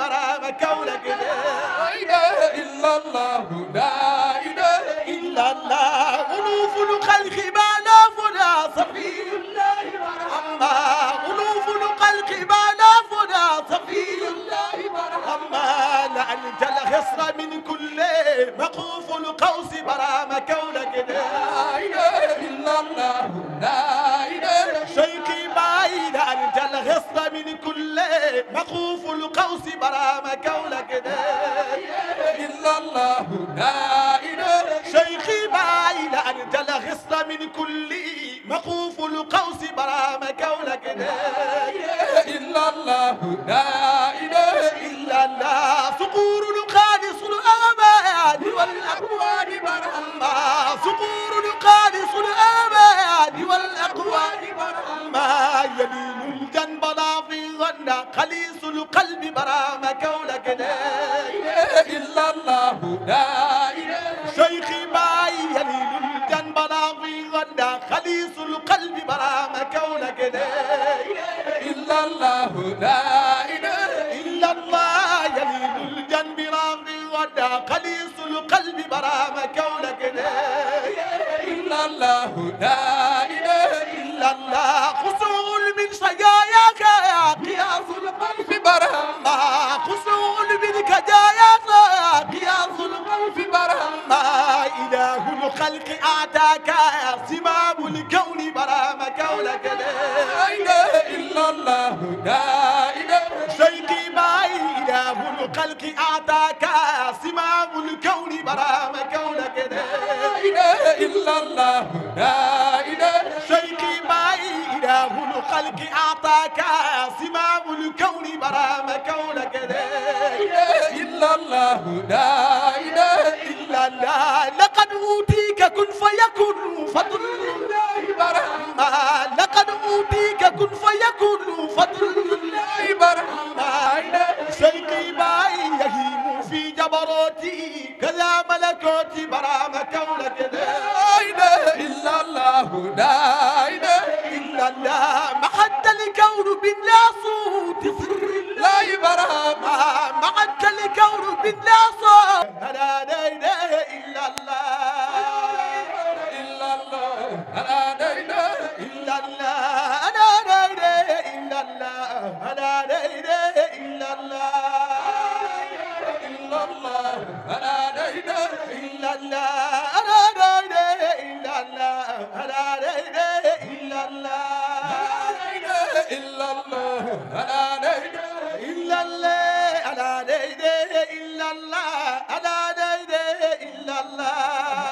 الذي كونك لا اله الا الله لا اله الا الله الوف الخلق ما نافنا صفي الله مرحبا الوف الخلق ما نافنا صفي الله مرحبا لانت الخصر من كل مقوف القوس برام كونك لا اله الا الله لا اله شيخي بعيد انت الخصر مخوف القوس برام كولا كده إلا الله لا إله شيخي بعيد أنت لغصت من كل مخوف القوس برام كولا كده إلا الله لا إله إلا الله صقور القادس الآباد والأقوال برهما صقور القادس الآباد والأقوال برهما يلين الجنب بندا خليص القلب برام كولك لا إله إلا الله لا شيخي باي يليل الجن بلاغي غدا خليص القلب برام كولك لا إله إلا الله لا إله إلا الله يليل الجن بلاغي غدا خليص القلب برام كولك لا إله إلا الله لا Adam! الخلق آتاك سباب الكون بلا مكولك لا إله إلا الله لا إله شيخي ما إله الخلق آتاك سباب الكون بلا مكولك لا إله إلا الله لا إله شيخي ما إله الخلق أعطاك سباب الكون بلا مكولك لا إله إلا الله لا إله إلا الله لقد أوتي أوتيك كن فيكن فضل الله برحمة لقد أوتيك كن فيكن فضل الله برحمة سيكي باي يهيم في جبروتي كلا ملكوتي برامة ولد لا إله إلا الله لا إله إلا الله ما حتى لكون بلا صوت سر الله برحمة ما حتى لكون بلا صوت لا إله إلا الله Allah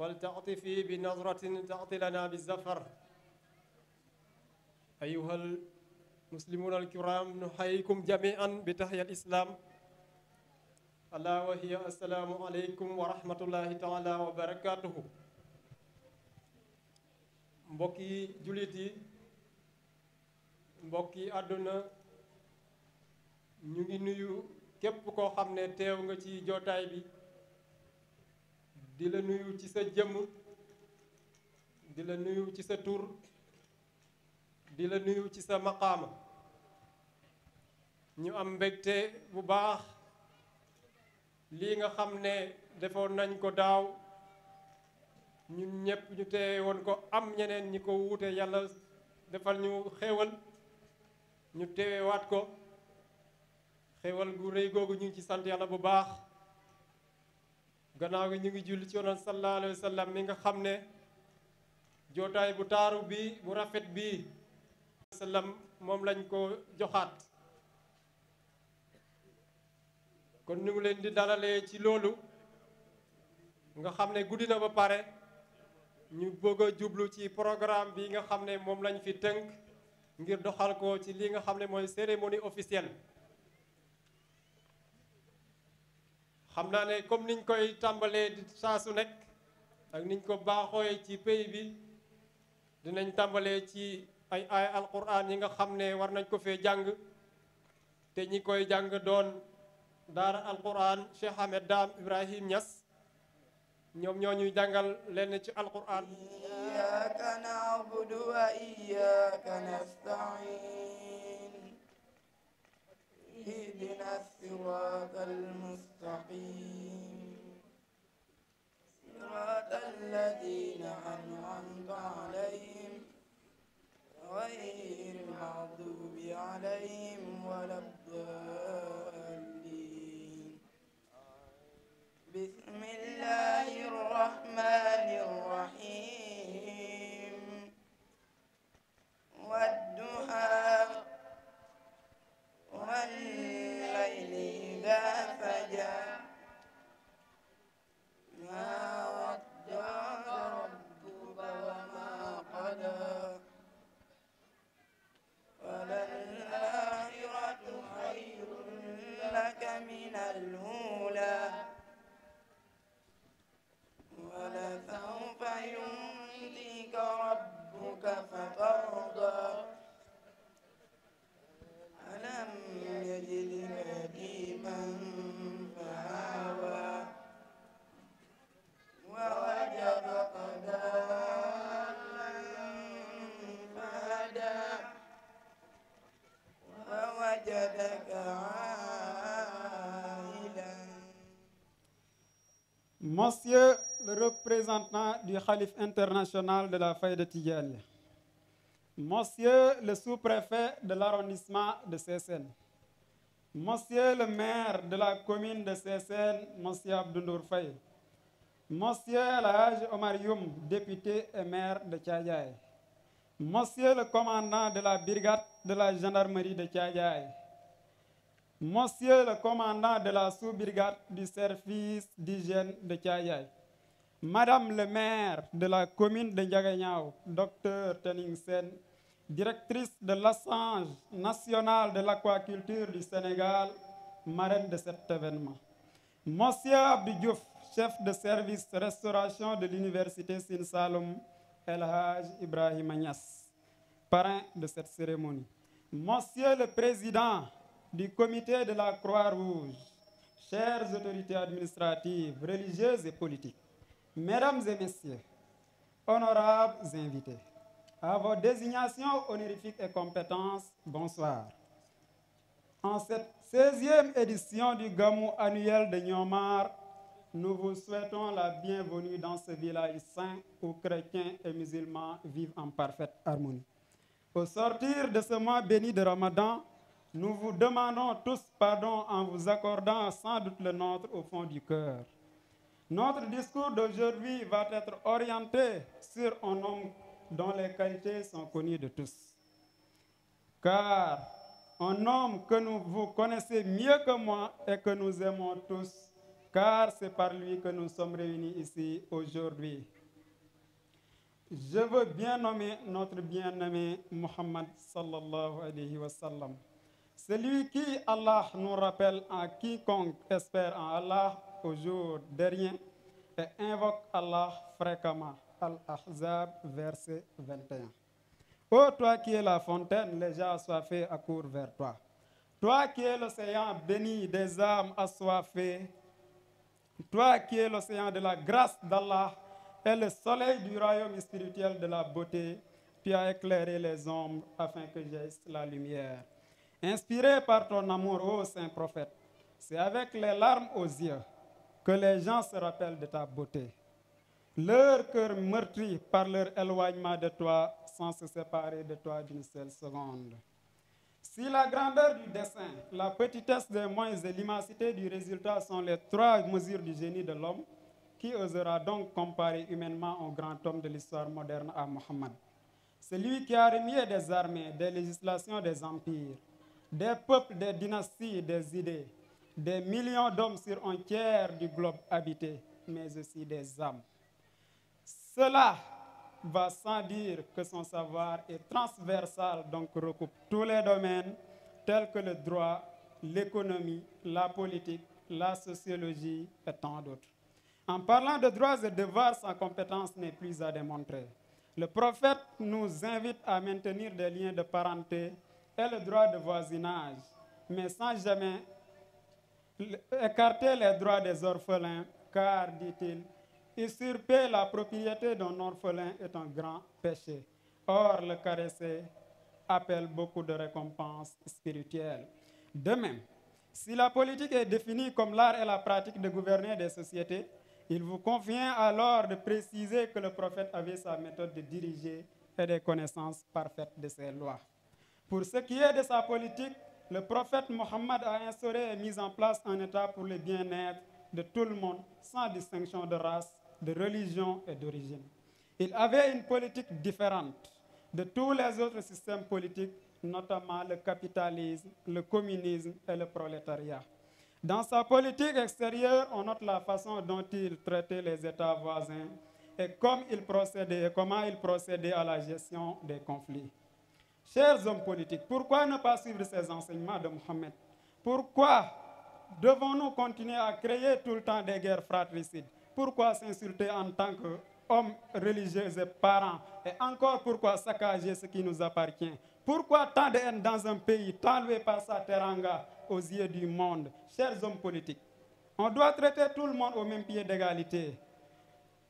ولتعطفي بنظرة تعطي لنا بالزفر أيها المسلمون الكرام نحييكم جميعا بتحية الإسلام ألا وهي السلام عليكم ورحمة الله تعالى وبركاته مبكي جلدي مبكي أدنى àdduna نيو كيف nuyu خامنة تيو نجي جوتاي بي di la nuyu ci sa jëmm di la nuyu ci sa tur di la nuyu ci sa maqaama ñu am mbégte bu baax lii nga xam ne defoon nañ ko daaw ñun ñëpp ñu teewe woon ko am ñeneen ñi ko wuute yàlla defal ñu xéewal ñu teewewaat ko xéewal gu rëy googu ñu ci sant yàlla bu baax gannaaw gi ñu ngi julli ci yonent sallallahu alayhi wa sallam mi nga xam ne jootaay bu taaru bi bu rafet bi sallam moom lañ ko joxaat kon ñu ngi leen di dalalee ci loolu nga xam ne guddi na ba pare ñu bëgg a jublu ci programme bi nga xam ne moom lañ fi tënk ngir doxal ko ci li nga xam ne mooy cérémonie officielle xam naa ne comme niñ koy tàmbalee di saa su nekk ak niñ ko baaxooy ci pays bi dinañ tàmbalee ci ay ay alquran yi nga xam ne war nañ ko fee jàng te ñi koy jàng doon daara alquran Cheikh Ahmed Dame Ibrahim Niass ñoom ñoo ñuy jàngal lenn ci alquran iyyaka اهدنا الصراط المستقيم صراط الذين أنعمت عليهم غير المغضوب عليهم ولا الضالين بسم الله الرحمن الرحيم والدحى والليل إذا سجى Monsieur le représentant du Khalif international de la Faye de Tidjani, Monsieur le sous-préfet de l'arrondissement de Sessène, Monsieur le maire de la commune de Sessène, Monsieur Abdoundour Faye, Monsieur Lahaj Omar député et maire de Tchadjaï, Monsieur le commandant de la brigade de la gendarmerie de Tchadjaï, Monsieur le commandant de la sous-brigade du service d'hygiène de Thiayaye, Madame le maire de la commune de Ndiaganyao, Dr Teningsen, directrice de l'Assange nationale de l'aquaculture du Sénégal, marraine de cet événement. Monsieur Abdou chef de service restauration de l'université Sin Saloum, El Ibrahim Agnès, parrain de cette cérémonie. Monsieur le président du comité de la Croix-Rouge, chères autorités administratives, religieuses et politiques, mesdames et messieurs, honorables invités, à vos désignations honorifiques et compétences, bonsoir. En cette 16e édition du Gamou annuel de Nyomar, nous vous souhaitons la bienvenue dans ce village saint où chrétiens et musulmans vivent en parfaite harmonie. Au sortir de ce mois béni de Ramadan, nous vous demandons tous pardon en vous accordant sans doute le nôtre au fond du cœur. Notre discours d'aujourd'hui va être orienté sur un homme dont les qualités sont connues de tous. Car un homme que nous, vous connaissez mieux que moi et que nous aimons tous, car c'est par lui que nous sommes réunis ici aujourd'hui. Je veux bien nommer notre bien-aimé Mohammed sallallahu alayhi wa sallam. Celui qui, Allah nous rappelle en quiconque espère en Allah au jour dernier et invoque Allah fréquemment. Al-Ahzab, verset 21. Ô toi qui es la fontaine, les gens assoiffés accourent vers toi. Toi qui es l'océan béni des âmes assoiffées, toi qui es l'océan de la grâce d'Allah et le soleil du royaume spirituel de la beauté, tu as éclairé les ombres afin que j'aisse la lumière. Inspiré par ton amour, ô saint prophète, c'est avec les larmes aux yeux que les gens se rappellent de ta beauté. Leur cœur meurtri par leur éloignement de toi sans se séparer de toi d'une seule seconde. Si la grandeur du dessin, la petitesse des moyens et l'immensité du résultat sont les trois mesures du génie de l'homme, qui osera donc comparer humainement au grand homme de l'histoire moderne à Mohammed Celui qui a remis des armées, des législations, des empires, des peuples, des dynasties, des idées, des millions d'hommes sur un tiers du globe habité, mais aussi des âmes. Cela va sans dire que son savoir est transversal, donc recoupe tous les domaines tels que le droit, l'économie, la politique, la sociologie et tant d'autres. En parlant de droits et devoirs, sa compétence n'est plus à démontrer. Le prophète nous invite à maintenir des liens de parenté et le droit de voisinage, mais sans jamais écarter les droits des orphelins, car, dit-il, usurper la propriété d'un orphelin est un grand péché. Or, le caresser appelle beaucoup de récompenses spirituelles. De même, si la politique est définie comme l'art et la pratique de gouverner des sociétés, il vous convient alors de préciser que le prophète avait sa méthode de diriger et des connaissances parfaites de ses lois. Pour ce qui est de sa politique, le prophète Mohammed a instauré et mis en place un État pour le bien-être de tout le monde, sans distinction de race, de religion et d'origine. Il avait une politique différente de tous les autres systèmes politiques, notamment le capitalisme, le communisme et le prolétariat. Dans sa politique extérieure, on note la façon dont il traitait les États voisins et, comment il procédait, et comment il procédait à la gestion des conflits. Chers hommes politiques, pourquoi ne pas suivre ces enseignements de Mohammed Pourquoi devons-nous continuer à créer tout le temps des guerres fratricides Pourquoi s'insulter en tant qu'hommes religieux et parents Et encore pourquoi saccager ce qui nous appartient Pourquoi tant de haine dans un pays, tant loué par sa teranga aux yeux du monde Chers hommes politiques, on doit traiter tout le monde au même pied d'égalité,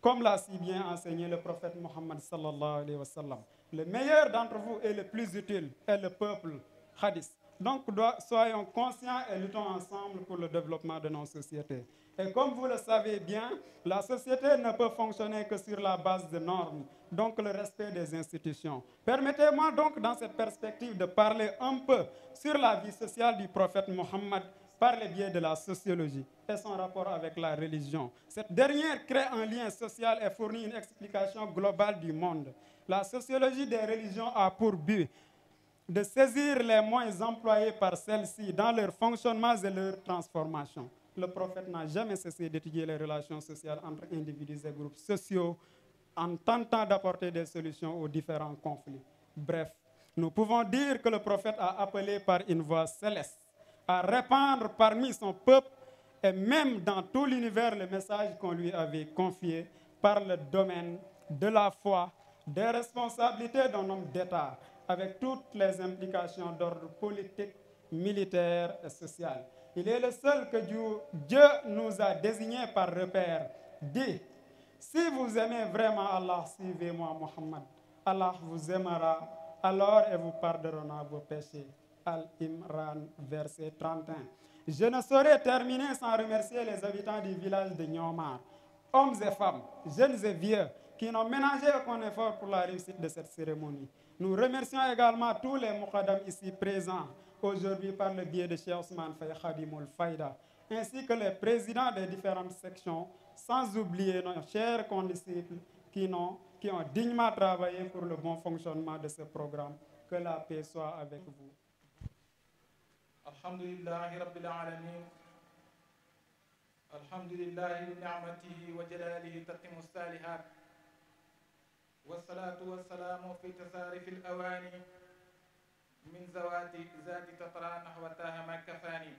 comme l'a si bien enseigné le prophète Mohammed sallallahu alayhi wa sallam. Le meilleur d'entre vous et le plus utile est le peuple Hadith. Donc, soyons conscients et luttons ensemble pour le développement de nos sociétés. Et comme vous le savez bien, la société ne peut fonctionner que sur la base de normes, donc le respect des institutions. Permettez-moi donc, dans cette perspective, de parler un peu sur la vie sociale du prophète Mohammed par le biais de la sociologie et son rapport avec la religion. Cette dernière crée un lien social et fournit une explication globale du monde. La sociologie des religions a pour but de saisir les moyens employés par celles-ci dans leur fonctionnement et leur transformation. Le prophète n'a jamais cessé d'étudier les relations sociales entre individus et groupes sociaux en tentant d'apporter des solutions aux différents conflits. Bref, nous pouvons dire que le prophète a appelé par une voix céleste à répandre parmi son peuple et même dans tout l'univers le message qu'on lui avait confié par le domaine de la foi, des responsabilités d'un homme d'État avec toutes les implications d'ordre politique, militaire et social. Il est le seul que Dieu, Dieu nous a désigné par repère. Dit, si vous aimez vraiment Allah, suivez-moi Mohammed. Allah vous aimera, alors et vous pardonnera vos péchés. Al-Imran, verset 31. Je ne saurais terminer sans remercier les habitants du village de Nyomar, hommes et femmes, jeunes et vieux, qui n'ont ménagé aucun effort pour la réussite de cette cérémonie. Nous remercions également tous les Moukadam ici présents aujourd'hui par le biais de Cheikh Ousmane Faye Khadimul ainsi que les présidents des différentes sections, sans oublier nos chers condisciples qui, ont, dignement travaillé pour le bon fonctionnement de ce programme. Que la paix soit avec vous. والصلاة والسلام في تسارف الأواني من زوات زاد تطرى نحو ما كفاني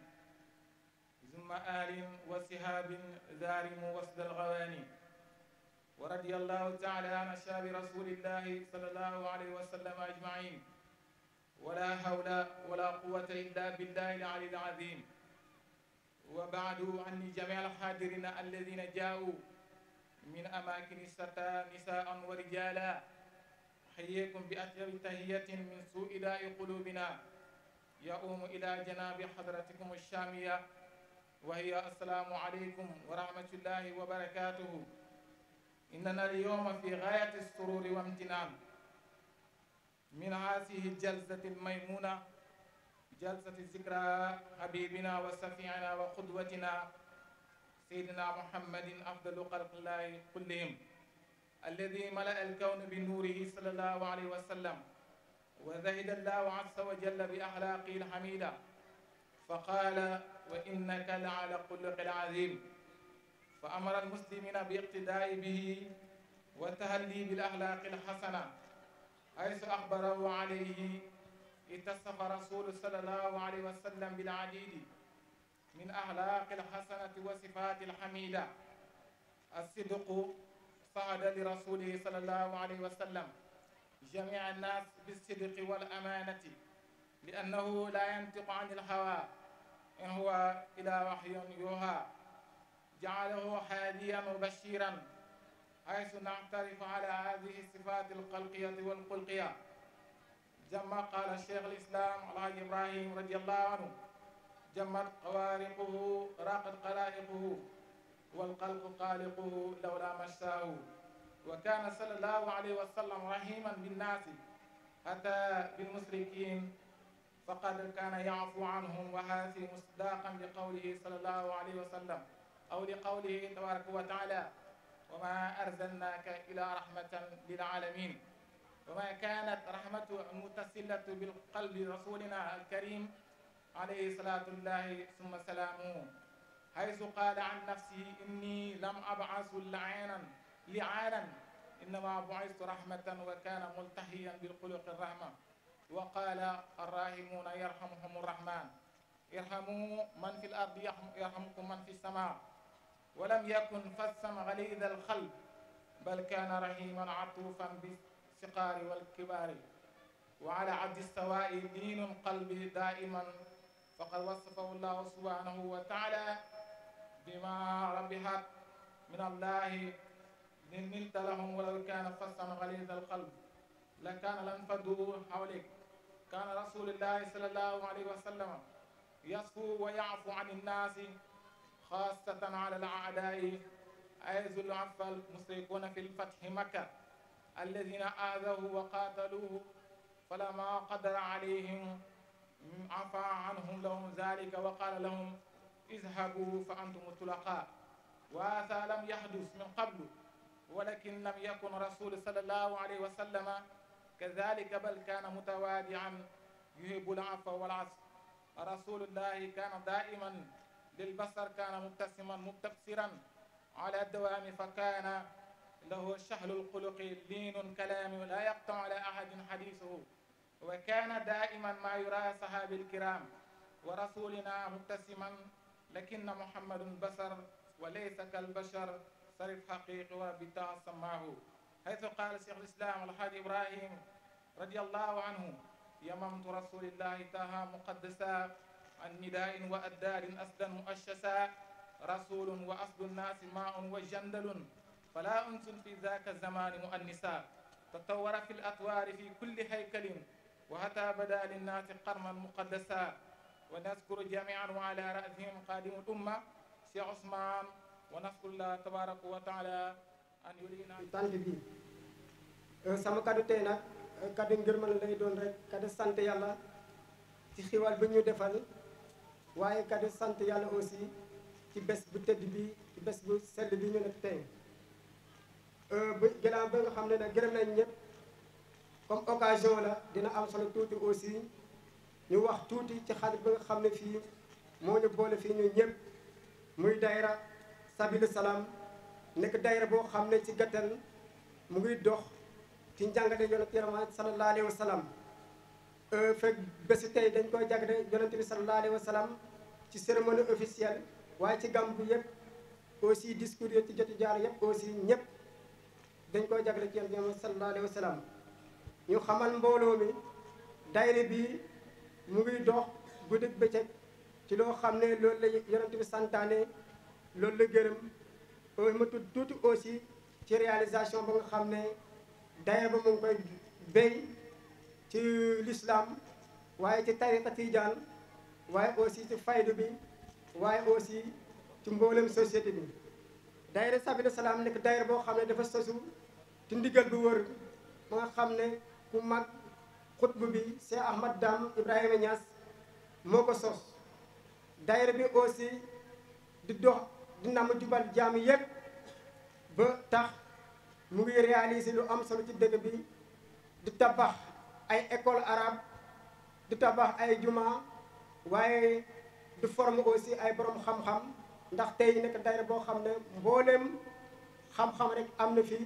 ثم آل وسهاب ذارم وسد الغواني ورضي الله تعالى عن أصحاب رسول الله صلى الله عليه وسلم أجمعين ولا حول ولا قوة إلا بالله العلي العظيم وبعد عني جميع الحاضرين الذين جاؤوا من أماكن الشتى نساء ورجالا أحييكم بأطيب تهية من سوء داء قلوبنا يؤوم إلى جناب حضرتكم الشامية وهي السلام عليكم ورحمة الله وبركاته إننا اليوم في غاية السرور وامتنان من هذه الجلسة الميمونة جلسة ذكرى حبيبنا وسفيعنا وقدوتنا سيدنا محمد أفضل خلق الله كلهم الذي ملأ الكون بنوره صلى الله عليه وسلم وزهد الله عز وجل بأخلاقه الحميدة فقال وإنك لعلى خلق عظيم فأمر المسلمين باقتداء به والتهلي بالأخلاق الحسنة حيث أخبره عليه اتصف رسول صلى الله عليه وسلم بالعديد من أخلاق الحسنة وصفات الحميدة الصدق صعد لرسوله صلى الله عليه وسلم جميع الناس بالصدق والأمانة لأنه لا ينطق عن الهوى إن هو إلى وحي يوحى جعله هاديا مبشرا حيث نعترف على هذه الصفات القلقية والقلقية جما قال الشيخ الإسلام الحاج إبراهيم رضي الله عنه جمت قوارقه راقت قلائقه والقلق قالقه لولا مساه وكان صلى الله عليه وسلم رحيما بالناس أتى بالمشركين فقد كان يعفو عنهم وهذه مصداقا لقوله صلى الله عليه وسلم أو لقوله تبارك وتعالى وما أرسلناك إلى رحمة للعالمين وما كانت رحمة متصلة بالقلب رسولنا الكريم عليه صلاة الله ثم سلامه حيث قال عن نفسه إني لم أبعث لعينا لعانا إنما بعثت رحمة وكان ملتهيا بالخلق الرحمة وقال الراحمون يرحمهم الرحمن ارحموا من في الأرض يرحمكم من في السماء ولم يكن فسا غليظ الخلق بل كان رحيما عطوفا بالسقار والكبار وعلى عبد السواء دين قلبي دائما فقد وصفه الله سبحانه وتعالى بما ربحت من الله من نلت لهم ولو كان فصا غليظ القلب لكان لانفضوا حولك كان رسول الله صلى الله عليه وسلم يصفو ويعفو عن الناس خاصة على الأعداء أيز العفو المشركون في الفتح مكة الذين آذوه وقاتلوه فلما قدر عليهم عفى عنهم لهم ذلك وقال لهم اذهبوا فأنتم الطلقاء وهذا لم يحدث من قبل ولكن لم يكن رسول صلى الله عليه وسلم كذلك بل كان متوادعا يهب العفو والعصر رسول الله كان دائما للبصر كان مبتسما مبتبصرا على الدوام فكان له شهل الخلق لين كلام لا يقطع على أحد حديثه وكان دائما ما يرى صحابي الكرام ورسولنا مبتسما لكن محمد بشر وليس كالبشر صرف حقيقي وبتاع سماه حيث قال شيخ الاسلام الحاج ابراهيم رضي الله عنه يممت رسول الله تها مقدسا عن نداء وأدار أسدا مؤشسا رسول وأصل الناس ماء وجندل فلا أنس في ذاك الزمان مؤنسا تطور في الأطوار في كل هيكل وحتى بدا للناس قرما مقدسا ونذكر جميعا وعلى رأسهم قادم الأمة Cheikh Ousmane wa nasku tant bi sama kaddu tey nag eh, kaddu ngërmal lay doon rek kaddu sant yàlla ci xiwal bi ñu defal waaye kaddu sant yàlla aussi ci bés bu tëdd bi ci bés bu sell bi ñu nekk tey eh, ba gannaaw ba nga xam ne nag gërëm nañ comme occasion la dina am solo tuuti aussi ñu wax tuuti ci xadr bi nga xam ne fii moo ñu boole fii ñu ñëpp muy dayra sabilu salaam nekk dayra boo xam ne ci gàttal mu ngi dox ci njàngale yonent yaramaa sallallahu alayhi wa salaam fekk bési tey dañ koy jàngale yonent bi sallallahu alayhi wa salaam ci cérémonie officielle waaye ci gàmmu yëpp aussi discours yi ci jotu jaar yëpp aussi ñëpp dañ koy jàngale ci yonent yaramaa sallallahu alayhi wa salaam ñu xamal mbooloo mi dayre bi mu ngi dox guddi bëccëg ci loo xam ne loolu la yonent bi santaane loolu la gërëm euh, ma tudd tuuti aussi ci réalisation ba nga xam ne daye ba mu ngi koy béy ci l'islam waaye ci tariqa tijaan waaye aussi ci faydu bi waaye aussi ci mboolem société bi daayira Sabilu Salaam nekk daayira boo xam ne dafa sosu ci ndigal bu wër ba nga xam ne ku mag xutb bi Cheikh Ahmad Dam Ibrahima Niass moo ko sos daayira bi aussi di dox di namm jubal jaamu yépp ba tax mu ngi réaliser lu am solo ci dëkk bi di tabax ay école arabe di tabax ay juma waaye di former aussi ay borom xam-xam ndax tey nekk daayira boo xam ne mbooleem xam-xam rek am na fi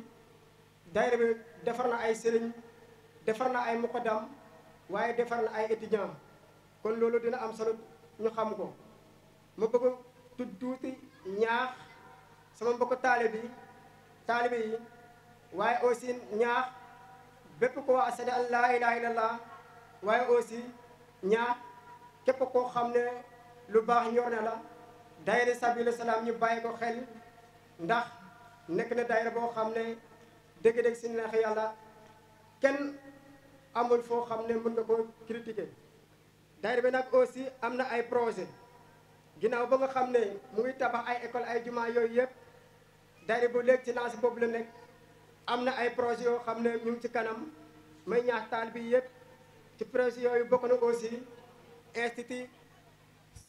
daayira bi defar na ay sëriñ defar na ay muqaddam waaye defar na ay étudiant kon loolu dina am solo ñu xam ko ma bëgg a tudd tuuti ñaax sama mbokku taalibe yi taalibe yi waaye aussi ñaax bépp ko wax ashhadu an laa ilaaha illallah waaye aussi ñaax képp koo xam ne lu baax ñor na la daayira Sabilu Salaam ñu bàyyi ko xel ndax nekk na daayira boo xam ne dégg dëgg si neex yàlla kenn amul foo xam ne mën nga ko critiquer daayira bi nag aussi am na ay projet ginnaaw ba nga xam ne muy tabax ay école ay jumaa yooyu yëpp daayira bu léegi ci lancé boobu la nekk am na ay projet yoo xam ne ñu ci kanam may ñaax taal bi yëpp ci projet yooyu bokk na aussi institut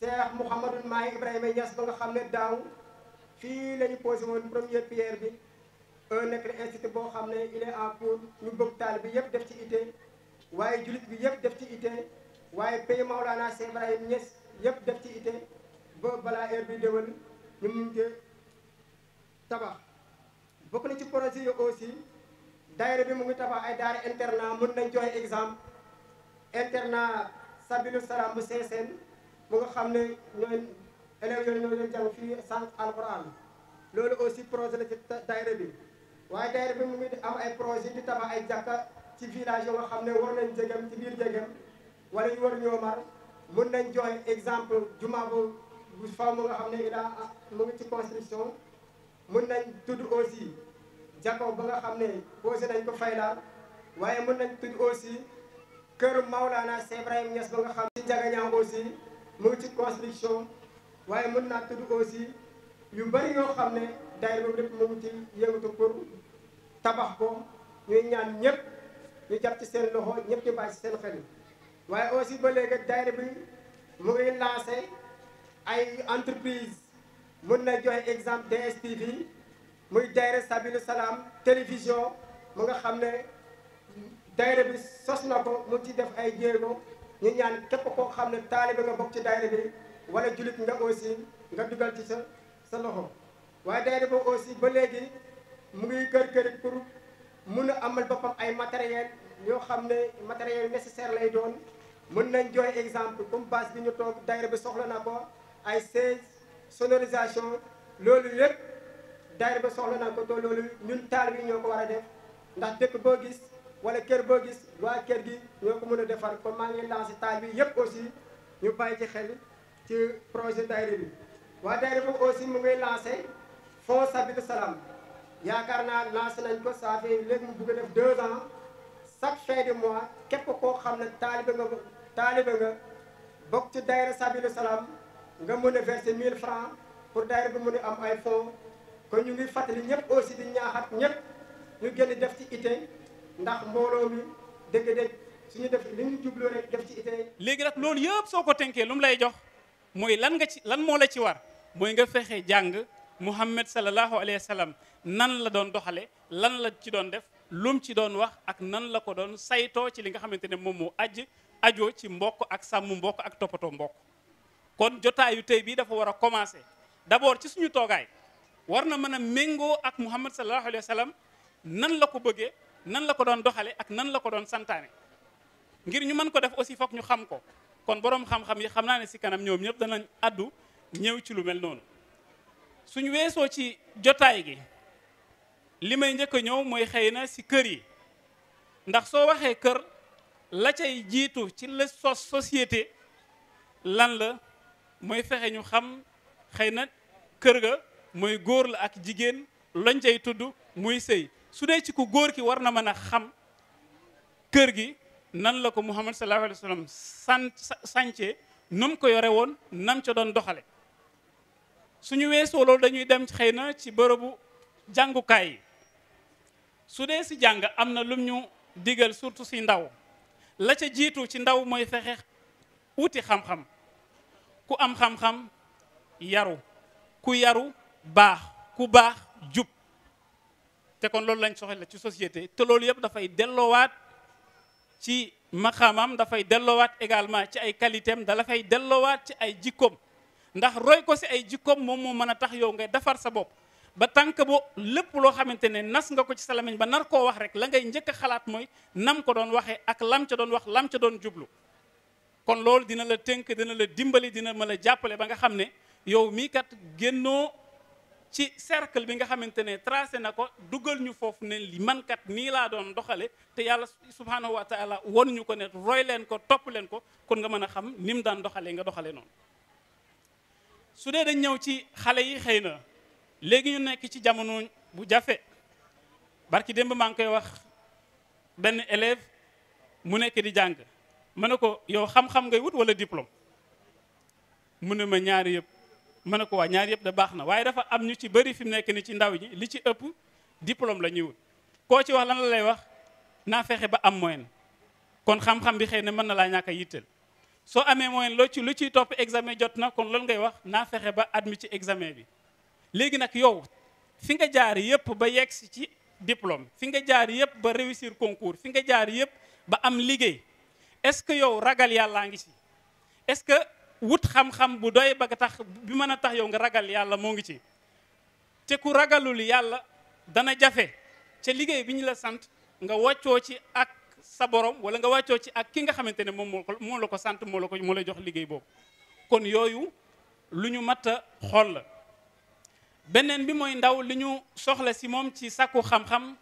Cheikh Mouhamadou Mahi Ibrahima Niass ba nga xam ne daaw fii la ñu posé woon première pierre bi un nekk institut boo xam ne il est en pour ñu bëgg taal bi yëpp def ci ite waaye jullit bi yëpp def ci ite waaye pay Maolana Cheikh Ibrahim Niass yëpp def ci ite ba balaa heure bi ñu mun ko tabax bokk na ci projet yi aussi daayira bi mu ngi tabax ay daara internat mën nañ joxe exemple internat Sabilu Salaam bu Seeseen mu nga xam ne ñooy élèves yooyu ñoo leen jàng fii sànq alquran loolu aussi projet la ci daayira bi waaye daayira bi mu ngi am ay projet di tabax ay jàkka ci village yo xamne war nañ jegem ci bir jegem wala ñu war ñoo mar mun nañ joxe exemple juma bu bu faw nga xamne ila ah, mu ngi ci construction mën nañ tuddu aussi jako ba nga xamne ne posé nañ ko faydaal waye mën nañ tuddu aussi keur Maulana Cheikh Ibrahim Niass ba nga xam ci njagañaam aussi mu ngi ci construction waye mën na tuddu aussi yu bari yoo xamne ne daayira boobu mu ngi ci yëngatu pour tabax ko ñuy ñaan ñepp ñu jàpp ci seen loxo ñëpp ñu bàyyi ci seen xel waaye aussi ba léegi daayira bi mu ngi lancé ay entreprise mun na joxe exemple DSTV muy daayira Sabilu Salaam télévision mu nga xam ne daayira bi sos na ko mu ci def ay jéego ñu ñaan képp koo xam ne taalibe nga bokk ci daayira bi wala julit nga aussi nga dugal ci sa sa loxo waaye daayira boobu aussi ba léegi mu ngi kër kër pour mun a amal boppam ay matériel ñoo xam ne matériel nécessaire lay doon mën nañ joxe exemple comme base bi ñu toog daayira bi soxla na ko ay seize sonorisation loolu lépp daayira bi soxla na ko te loolu ñun taal bi ñoo ko war a def ndax dëkk boo gis wala kër boo gis waa kër gi ñoo ko mën a defar comme maa ngi lancé taal bi yépp aussi ñu bàyyi ci xel ci projet daayira bi waa daayira bi aussi mu ngay lancé fond Sabilu Salam yaakaar naa lancé nañ ko ça fait léegi mu bëgg def deux chaque fin mois képp koo xam ne taaliba nga taaliba nga bokk ci daayira Sabilu Salaam nga mën a verser 1000 francs pour daayira bi mën a am ay fonds kon ñu ngi fàttali ñëpp aussi di ñaaxat ñëpp ñu gën def ci ite ndax mbooloo mi dëgg-dëgg suñu def li ñu jubloo rek def ci ite. léegi nag loolu yëpp soo ko tënkee lu mu lay jox mooy lan nga ci lan moo la ci war mooy nga fexe jàng Muhammad sallallahu alayhi wa sallam nan la doon doxale lan la ci doon def. lum ci doon wax ak nan la ko doon saytoo ci li nga xamante ne moom moo ajj ajoo ci mbokk ak sàmm mbokk ak toppatoo mbokk kon jotaayu tey bii dafa war a commencé d'abord ci suñu toogaay war na mën a méngoo ak Muhammad sallallahu alayhi wa sallam nan la ko bëggee nan la ko doon doxale ak nan la ko doon santaane ngir ñu mën ko def aussi foog ñu xam ko kon boroom xam-xam yi xam naa ne si kanam ñoom ñëpp danañ addu ñëw ci lu mel noonu suñu weesoo ci jotaay gi li may njëkk a ñëw mooy xëy na si kër yi ndax soo waxee kër la cay jiitu ci la sos société lan la mooy fexe ñu xam xëy na kër ga mooy góor la ak jigéen lañ cay tudd muy sëy su dee ci ku góor ki war na mën a xam kër gi nan la ko Muhammad sallallahu alayhi wa sallam sance nu mu ko yore woon nam ca doon doxale suñu weesoo loolu dañuy dem xëy na ci bërëbu jàngukaay yi su dee si jàng am na lum ñu digal surtout si ndaw la ca jiitu ci ndaw mooy fexe wuti xam-xam ku am xam-xam yaru ku yaru baax ku baax jub te kon loolu lañ soxla ci société te loolu yëpp dafay delloowaat ci maxamam dafay delloowaat également ci ay qualité am da la fay delloowaat ci ay jikkoom ndax roy ko si ay jikkoom moom moo mën a tax yow ngay defar sa bopp ba tànk bo lépp loo xamante ne nas nga ko ci sa lamiñ ba nar koo wax rek la ngay njëkk a xalaat mooy nam ko doon waxee ak lam ca doon wax lam ca doon jublu kon loolu dina la tënk dina la dimbali dina ma la jàppale ba nga xam ne yow mii kat génnoo ci cercle bi nga xamante ne tracé na ko dugal ñu foofu ne li man kat nii laa doon doxale te yàlla subhanahu wa taala won ñu ko ne roy leen ko topp leen ko kon nga mën a xam ni mu daan doxalee nga doxale noonu su dee dañ ñëw ci xale yi xëy na léegi ñu nekk ci jamono bu jafe barki démb maa ngi koy wax benn élève mu nekk di jàng ma ne ko yow xam-xam ngay wut wala diplôme mu ne ma ñaari yëpp ma ne ko waa ñaari yëpp da baax na waaye dafa am ñu ci bëri fi mu nekk ni ci ndaw ñi li ci ëpp diplôme la ñuy wut koo ci wax lan la lay wax naa fexe ba am moyen kon xam-xam bi xëy na mën na laa ñàkk a yitteel soo amee moyen loo ci lu ciy topp examen jot na kon loolu ngay wax naa fexe ba admis ci examen bi léegi nag yow fi nga jaar yëpp ba yegg si ci diplôme fi nga jaar yëpp ba réussir concours fi nga jaar yëpp ba am liggéey est-ce que yow ragal yàllaa ngi ci est-ce que wut xam-xam bu doy ba tax bi mën a tax yow nga ragal yàlla moo ngi ci te ku ragalul yàlla dana jafe ca liggéey bi ñu la sant nga wàccoo ci ak sa borom wala nga wàccoo ci ak ki nga xamante ne moom moo moo la ko sant moo la ko moo lay jox liggéey boobu kon yooyu lu ñu mat a xool la beneen bi mooy ndaw li ñu soxla si moom ci sakku xam-xam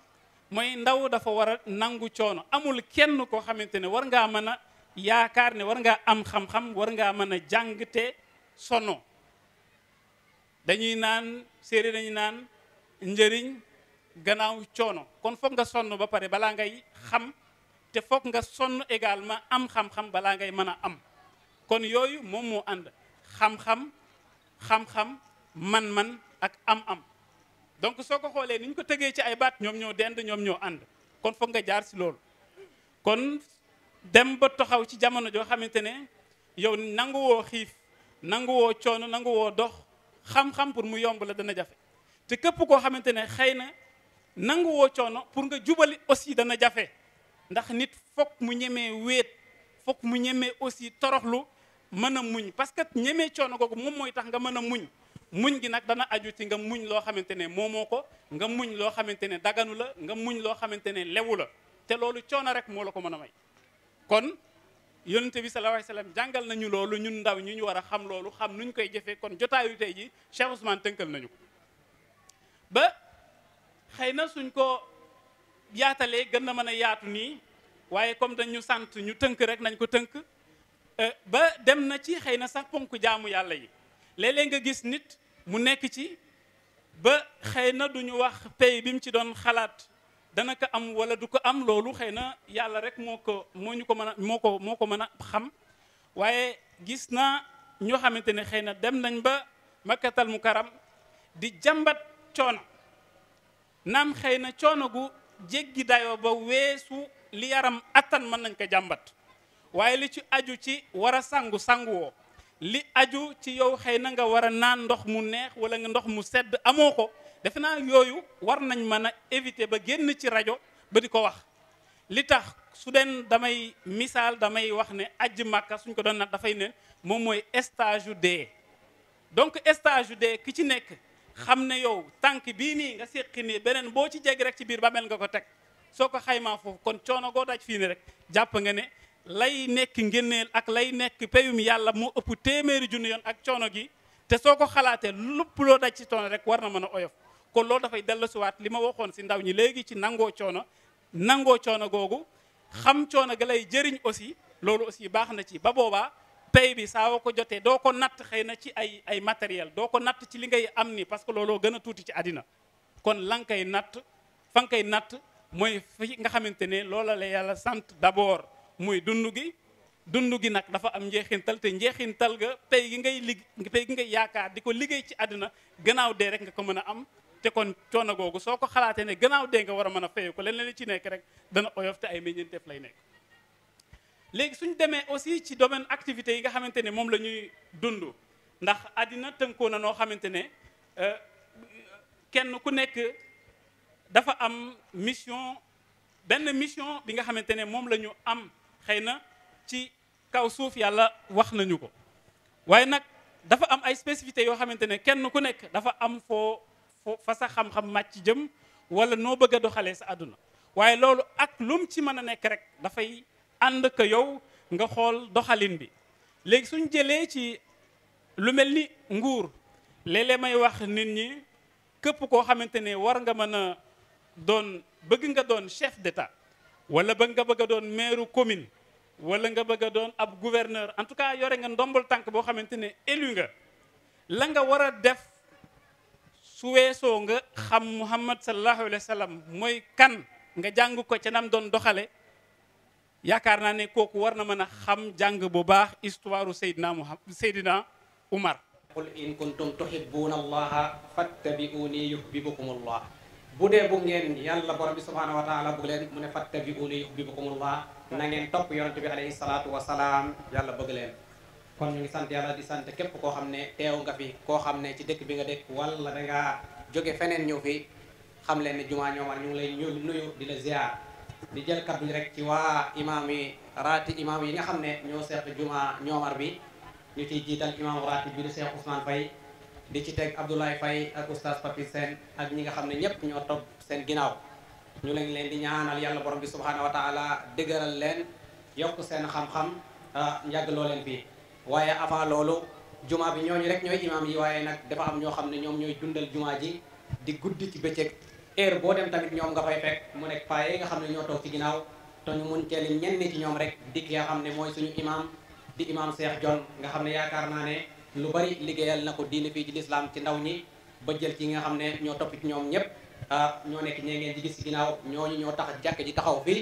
mooy ndaw dafa war a nangu coono amul kenn koo xamante ne war ngaa mën a yaakaar ne war ngaa am xam-xam war ngaa mën a jàng te dañuy naan séeréer dañuy naan njëriñ gannaaw coono kon foog nga sonn ba pare balaa ngay xam te foog nga sonn également am xam balaa ngay mën a am kon yooyu moom moo ànd xam-xam xam-xam man-man ak am-am donc soo ko xoolee ni ñu ko tëgee ci ay baat ñoom ñoo dend ñoom ñoo ànd kon foog nga jaar si loolu. kon dem ba taxaw ci jamono joo xamante ne yow nanguwoo xiif nanguwoo coono nanguwoo dox xam-xam pour mu yomb la dana jafe te képp koo xamante ne xëy na nanguwoo coono pour nga jubali aussi dana jafe ndax nit foog mu ñemee weet foog mu ñemee aussi toroxlu mën a muñ parce que ñemee coono googu moom mooy tax nga mën a muñ. muñ gi nag dana aju ci nga muñ loo xamante ne moomoo ko nga muñ loo xamante ne daganu la nga muñ loo xamante ne lewu la te loolu coono rek moo la ko mën a may kon yonente bi sallallahu alayhi jàngal nañu loolu ñun ndaw ñu ñu war a xam loolu xam nuñ koy jëfee kon jotaayu tey ji Cheikh Ousmane tënkal nañu ko ba xëy na suñ ko yaatalee gën na mën a yaatu nii waaye comme dañu sant ñu tënk rek nañ ko tënk ba dem na ci xëy na sax ponk jaamu yàlla yi léeg-léeg nga gis nit mu nekk ci ba xëy na duñu wax pay bi mu ci doon xalaat dana ko am walla du ko am loolu xëy na yàlla rek moo ko moo ñu ko mën a moo ko moo ko mën a xam waaye gis naa ñoo xamante ne xëy na dem nañ ba makkatal mu karam di jàmbat coono naam xëy na coono gu jéggi dayo ba weesu li yaram attan mën nañ ko jàmbat waaye li ci aju ci war a sangu sangu woo li aju ci yow xëy na nga war a naan ndox mu neex wala nga ndox mu sedd amoo ko defe naa yooyu war nañ mën a éviter ba génn ci rajo ba di ko wax li tax su den damay misaal damay wax ne ajj màkka suñ ko doon nag dafay ne moom mooy stage yu dee donc stage yu dee ki ci nekk xam ne yow tànk bii nii nga séqi nii beneen boo ci jege rek ci biir ba mel nga ko teg soo ko xaymaa foofu kon coono goo daj fii nii rek jàpp nga ne lay nekk ngénneel ak lay nekk peyum yàlla moo ëpp téeméeri junni yoon ak coono gi te soo ko xalaatee lépp loo daj ci coono rek war na mën a oyof kon loolu dafay dellusiwaat li ma waxoon si ndaw ñi léegi ci nangoo coono nangoo coono googu xam coono ga lay jëriñ aussi loolu aussi baax na ci ba boobaa pay bi saa ko jotee doo ko natt xëy na ci ay ay matériel doo ko natt ci li ngay am nii parce que looloo gën a tuuti ci àddina kon la nga koy natt fa koy natt mooy nga xamante ne loola yàlla sant d'abord muy dund gi dund gi nag dafa am njeexintal te njeexintal ga pay gi ngay lig pay gi ngay yaakaar di ko liggéey ci àddina gannaaw dee rek nga ko mën a am te kon coono googu soo ko xalaatee ne gannaaw dee nga war a mën a fayu ko leneen li ci nekk rek dana oyof te ay meññeenteef lay nekk léegi suñ demee aussi ci domaine activité yi nga xamante ne moom la ñuy dund ndax àddina tënkoo na noo xamante ne euh, kenn ku nekk dafa am mission benn mission bi nga xamante ne moom la ñu am xëy na ci kaw suuf yàlla wax nañu ko waaye nag dafa am ay spécificité yoo xamante ne kenn ku nekk dafa am foo foo fa sa xam-xam màcc jëm wala noo bëgg a doxalee sa àdduna waaye loolu ak lum ci mën a nekk rek dafay ànd ak yow nga xool doxalin bi léegi suñ jëlee ci lu mel ni nguur léeg may wax nit ñi képp koo xamante ne war nga mën a doon bëgg nga doon chef d'état wala bëgg nga bëgg doon maire commune wala nga bëgg a doon ab gouverneur en tout cas yore nga ndombal tànk boo xamante ne élu nga la nga war a def su weesoo nga xam muhammad sallallahu alayhi wa mooy kan nga jàng ko ca nam doon doxale yaakaar naa ne kooku war na mën a xam jàng bu baax histoire u Seydina Muhammad Seydina Umar qul in kuntum tuhibbuna allaha fattabi'uni yuhibbukum allah bu dee bu ngeen yàlla borom bi subhanahu wa taala bëgg leen mu ne fattabi'uni yuhibbukum allah na ngeen topp yonent bi alayhi salaatu wa salaam yàlla bëgg leen kon ñu ngi sant yàlla di sant képp koo xam ne teew nga fi koo xam ne ci dëkk bi nga dëkk wala da ngaa jóge feneen ñëw fi xam leen ne jumaa ñoomar ñu ngi lay nuyu di la ziar di jël kaddu yi rek ci waa imaam yi raati imaam yi nga xam ne ñoo seq jumaa ñoomar bi ñu ciy jiital imaam raati bi di Cheikh Ousmane Faye di ci teg Abdoulaye Faye ak oustaz Papi Sène ak ñi nga xam ne ñëpp ñoo topp seen ginnaaw ñu lañ leen di ñaanal yàlla borom bi subhaanahu wa taala dëgëral leen yokk seen xam-xam ah, yàgg loo fii waaye avant loolu juma bi ñooñu rek ñooy imaam yi waaye nag dafa xam ñoo xam ne ñoom ñooy dundal jumaa ji di guddi ci bëccëg heure boo dem tamit ñoom nga fay fekk mu nekk paa nga xam ne ñoo toog ci ginnaaw te ñu mun cee lim ci ñoom rek di ki nga xam ne mooy suñu imaam di imaam Cheikh John nga xam ne yaakaar naa ne lu bari liggéeyal na ko diine fii ci lislaam ci ndaw ñi ba jël ci nga xam ne ñoo topp ci ñoom ñëpp Ah, ñoo nekk ñee ngeen di gis ginnaaw ñooñu ñoo tax jàkka ji taxaw fii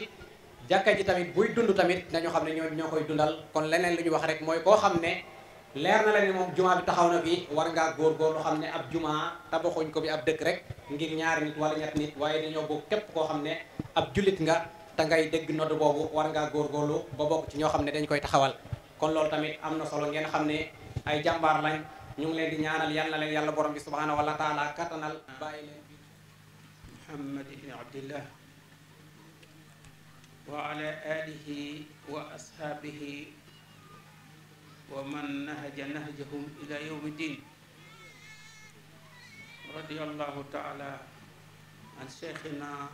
jàkka ji tamit buy dund tamit nañu xam ne ñoo ñoo koy dundal kon leneen lu ñu wax rek mooy koo xam ne leer na la moom jumaa bi taxaw na fii war ngaa góor xam ne ab jumaa tabaxuñ ko bi ab dëkk rek ngir ñaari nit wala ñett nit waaye dañoo bokk képp koo xam ne ab jullit nga te ngay dëgg nodd boobu war ngaa góorlu ba bokk ci ñoo xam ne dañu koy taxawal kon loolu tamit am na solo ngeen xam ne ay jàmbaar lañ ñu ngi leen di ñaanal yal na leen yàlla borom bi subhaanahu wa taala kattanal bàyyi محمد بن عبد الله وعلى آله وأصحابه ومن نهج نهجهم إلى يوم الدين رضي الله تعالى عن شيخنا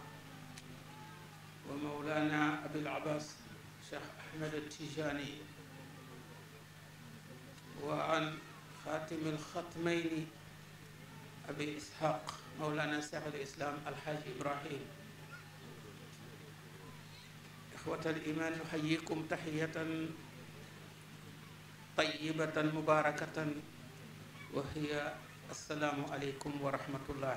ومولانا أبي العباس شيخ أحمد التيجاني وعن خاتم الختمين أبي إسحاق مولانا شيخ الإسلام الحاج إبراهيم إخوة الإيمان نحييكم تحية طيبة مباركة وهي السلام عليكم ورحمة الله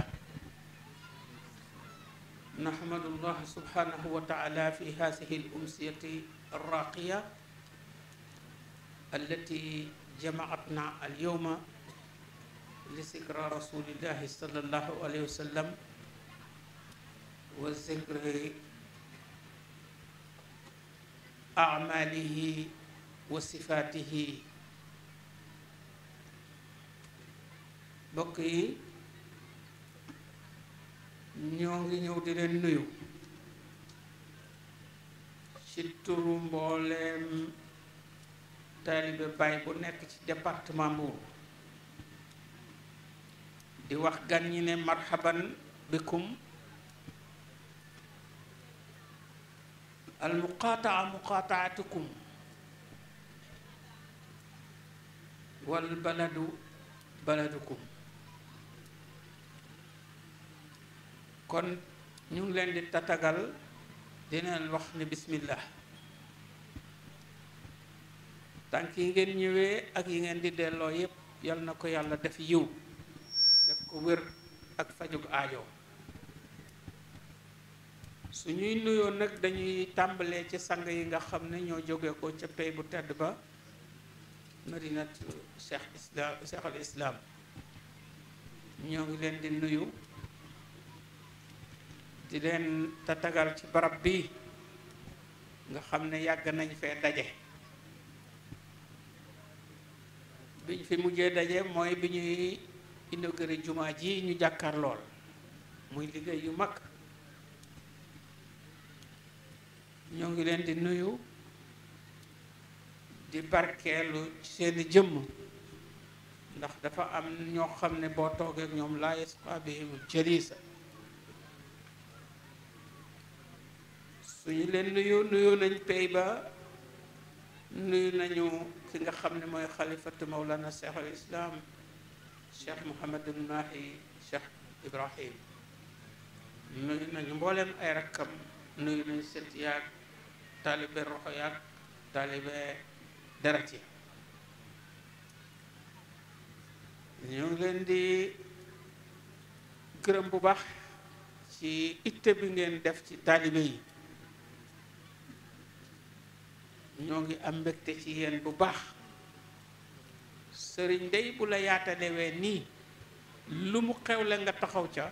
نحمد الله سبحانه وتعالى في هذه الأمسية الراقية التي جمعتنا اليوم li zikra rasulillahi sallallahu alayhi wa sallam wa wa sifaatihi mbokk yi ñoo ngi ñëw di leen nuyu ci turu mbooleem taalibe Baay bu nekk ci département Mbour di wax gan ñi ne marhaban bikum al muqataa muqataatukum wal baladu baladukum kon ñu ngi leen di tatagal dineen wax ne bismillah tànk yi ngeen ñëwee ak yi ngeen di delloo yépp yal na ko yàlla def yiw ku wér ak fajuk aajo suñuy nuyoo nak dañuy tàmbalee ci sang yi nga xam ne ñoo jóge ko ca pey bu tedd ba madinat cheikh islam cheikh al islam ñoo ngi leen di nuyu di leen tatagal ci barab bi nga xam ne yàgg nañ fee daje biñ fi mujjee daje mooy bi inauguré jumaa ji ñu jàkkaar lool muy liggéey yu mag ñoo ngi leen di nuyu di barkeelu seeni jëmm ndax dafa am ñoo xam ne boo toogee ak ñoom laa yasqa bihimul jalisa suñu leen nuyu nuyu nañ pay ba nuyu nañu ki nga xam ne mooy xalifatu mawlana cheikhul islam الشيخ محمد الماحي الشيخ Ibrahim nuyu nañu mbooleem ay rakkam nuyu nañu sët yaag taalibe roxo yaag taalibe deret ya ñu ngi leen di gërëm bu baax ci itte bi ngeen def ci taalibe yi ñoo ngi am mbégte ci yéen bu baax sëriñ day bu la yaatanewee nii lu mu xewle nga taxaw ca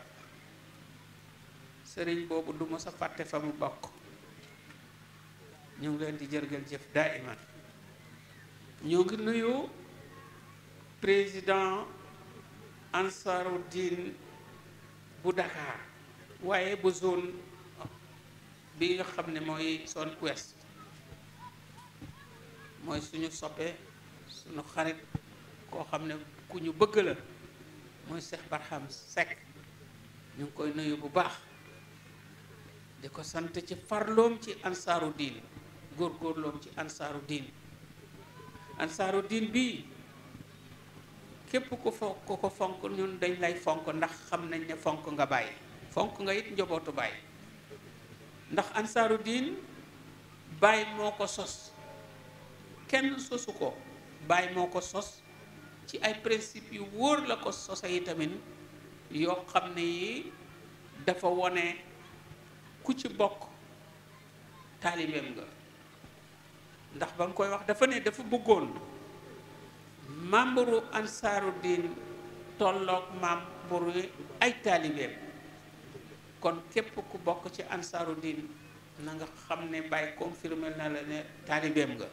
sëriñ boobu du ma sa fàtte fa mu bokk ñu ngi leen di jërgal jëf daaima ñu ngi nuyu président ansaru diin bu Dakar waaye bu zone bi nga xam ne mooy son ouest mooy suñu soppe suñu xarit koo xam ne ku ñu bëgg la mooy Cheikh Barham Seck ñu ngi koy nuyu bu baax di ko sant ci farloom ci ansaaru diin góor góorloom ci ansaaru diin ansaaru diin bii képp ku fo ku ko fonk ñun dañ lay fonk ndax xam nañ ne fonk nga bàyyi fonk nga it njobootu bàyyi ndax ansaaru diin bàyyi moo ko sos kenn sosu ko bàyyi moo ko sos ci ay principe yu wóor la ko sose yi tamit yoo xam ne yi dafa wone ku ci bokk taalibeem nga ndax ba nga koy wax dafa ne dafa bëggoon membre ansaaru diin tolloog membre ay taalibeem kon képp ku bokk ci ansaaru diin na nga xam ne bàyyi confirmer na la ne taalibeem nga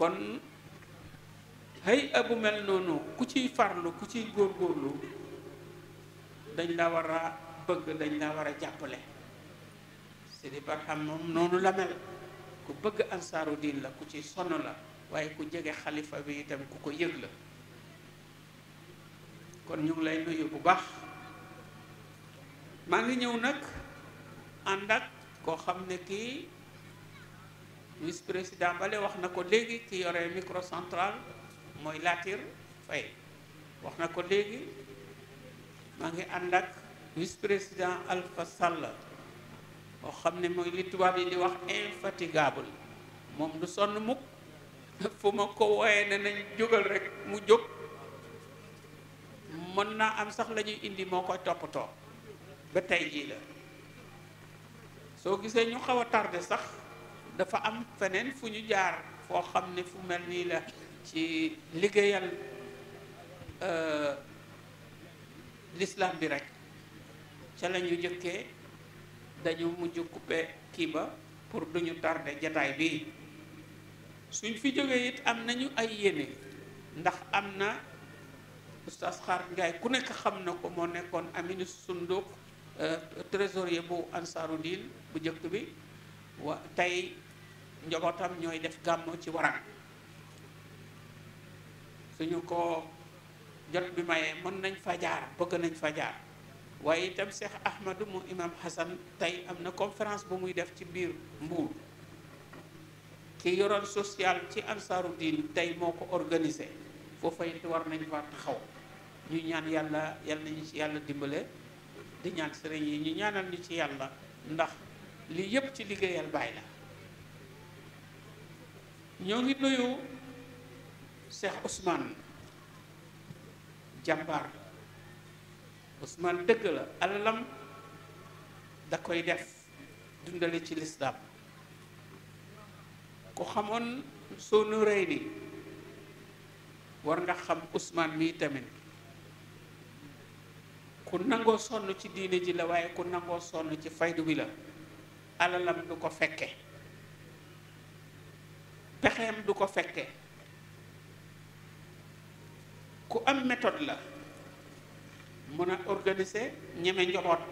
kon hay bu mel noonu ku ciy farlu ku ci góor góorgóorlu dañ la war a bëgg dañ la war a jàppale Sidi Barham moom noonu la mel ku bëgg ansaaru diin la ku ci sonn la waaye ku jege xalifa bi itam ku ko yëg la kon ñu ngi lay nuyu bu baax maa ngi ñëw nag ànd ak koo xam ne kii vice président Bale wax na ko léegi ki yore microcentral moy Latir fay waxna ko legui maa ngi vice president Alpha Sall boo xamne ne li tubab yi di wax infatigable mom du son muk fuma ko ne nañ rek mu jog mën na am sax lañuy indi moko topoto ba tay ji la so gisee ñu xawa tardé sax dafa am fenen fuñu jaar fo xamne fu melni la ci liggéeyal euh, lislaam bi rek ca la ñu jëkkee dañu mujj coupé kii ba pour duñu tardé jataay bii suñ fi jógee it am nañu ay yéene ndax am na oustaz Xaar Ngaay ku nekk xam na ko moo nekkoon Aminu Sunduk euh, trésorier bu ansaaru diil bu jëkk bi wa tey njogotam ñooy def gàmmo ci waran suñu ko jot bi maye mën nañ fa jaar bëgg nañ fa jaar waaye itam Cheikh Ahmadu mu imam hasan tey am na conférence bu muy def ci biir Mbuur ki yoroon social ci ansaaru diin tey moo ko organisé foofa it war nañ fa taxaw ñu ñaan yàlla yàlla nañu ci yàlla dimbale di ñaan sëriñ yi ñu ñaanal ñu ci yàlla ndax li yépp ci liggéeyal baay la ñoo ngi nuyu Cheikh Ousmane jàmbaar Ousmane dëgg la alalam da koy def dundale ci lislaam ku xamoon soo nu rey ni war nga xam Ousmane mii tamit ku nangoo sonn ci diine ji la waaye ku nangoo sonn ci faydu bi la alalam du ko fekke pexeem du ko fekke ku am méthode la mën a organiser ñeme njaboot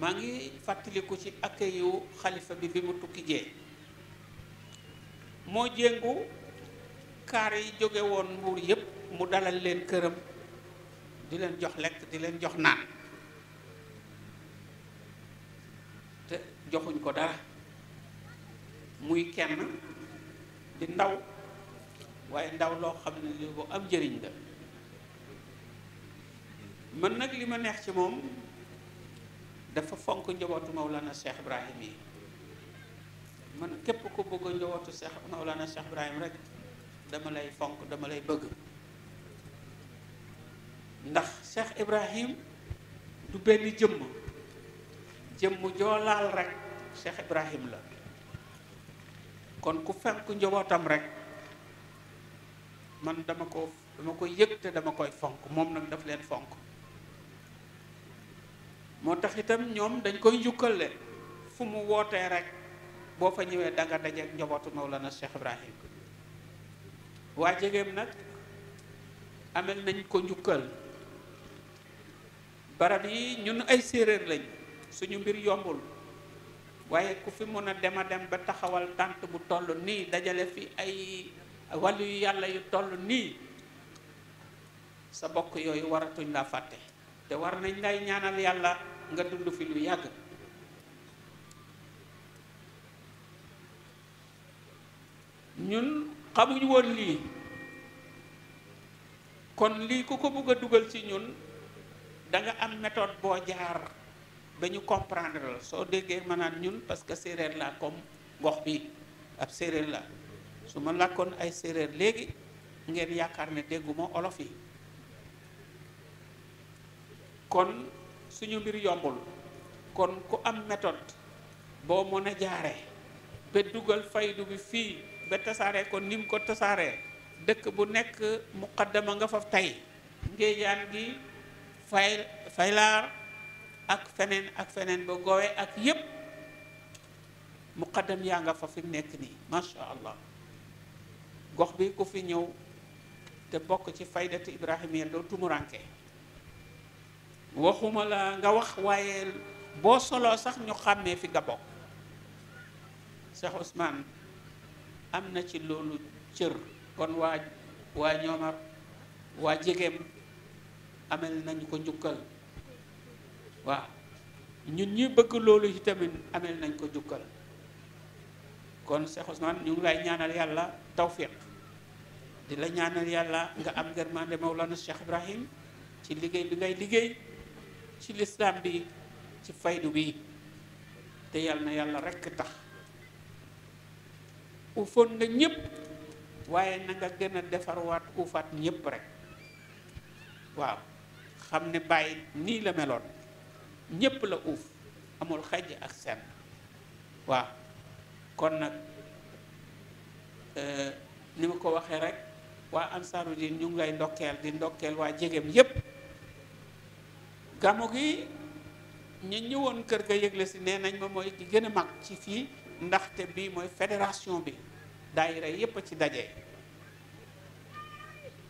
maa ngi fàttaliku ci accueil yu xalifa bi bi mu tukki jee moo jéngu kaar yi jóge woon mbuur yépp mu dalal leen këram di leen jox lekk di leen jox naan te joxuñ ko dara muy kenn di ndaw waaye ndaw loo xam ne li bu am njëriñ la man nag li ma neex ci moom dafa fonk njabootu Maulana Cheikh Ibrahim yi mën képp ku bëgg njabootu Cheikh Maulana Ibrahim rek dama lay fonk dama lay bëgg ndax Cheikh Ibrahim du benn jëmm jëmm joolaal rek Cheikh Ibrahim la kon ku fenk njabootam rek man dama ko dama ko yëg te dama koy fonk moom nag daf leen fonk moo tax itam ñoom dañ koy njukkal le fu mu wootee rek boo fa ñëwee da nga dajeeg njobootu Mawlana Cheikh Ibrahim waa jegeem nag amel nañ ko njukkal barab yi ñun ay séeréer lañ suñu mbir yombul waaye ku fi mën a dem a dem ba taxawal tànt bu toll nii dajale fi ay walu yalla yu tollu ni sa bokk yoy waratuñ la fàtte te war nañ lay ñaanal yalla nga dund fi lu yag ñun xamuñ won li kon li ku ko bëgg duggal ci ñun da nga am méthode bo jaar ba ñu comprendre so soo déggee ñun parce que séeréer la comme gox bi ab séeréer la su ma làkkoon ay séeréer léegi ngeen yaakaar ne dégguma olof yi kon suñu mbir yombul kon ku am metod boo mën a jaare ba dugal faydu bi fii ba tasaaree ko ni ko tasaaree dëkk bu nekk muqaddama nga fa tey ngéejaan gi fay faylaar ak feneen ak feneen ba gowe ak yépp muqaddam yaa nga fa fi mu nekk nii masha allah gox bi ku fi ñëw te bokk ci faydati ibrahimiya doo tumuranke waxuma la nga wax waaye boo soloo sax ñu xàmmee fi nga bokk Cheikh Ousmane am na ci loolu cër kon waa waa ñoomar waa jegeem amel nañ ko njukkal waaw ñun ñi bëgg loolu itamit amel nañ ko njukkal kon Cheikh Ousmane ñu ngi lay ñaanal yàlla tawfiq di la ñaanal yalla nga am germande maulana Cheikh Ibrahim ci liggey bi ngay liggey ci l'islam bi ci faydu bi te yalla na yalla rek tax ufoon nga ñépp waye na nga défar waat u ufaat ñépp rek waaw xamne bay ni la melone ñépp la uuf amul xajj ak sen waaw kon nak Euh, ni ma ko waxee rek waa ansaaru diin ñu ngi lay ndokkeel di ndokkeel waa jegem yépp gàmmu gi ñu ñëwoon kër ga yëgle si nee nañ ma mooy ki gën a mag ci fii ndaxte bii mooy fédération bi daayira yépp a ci daje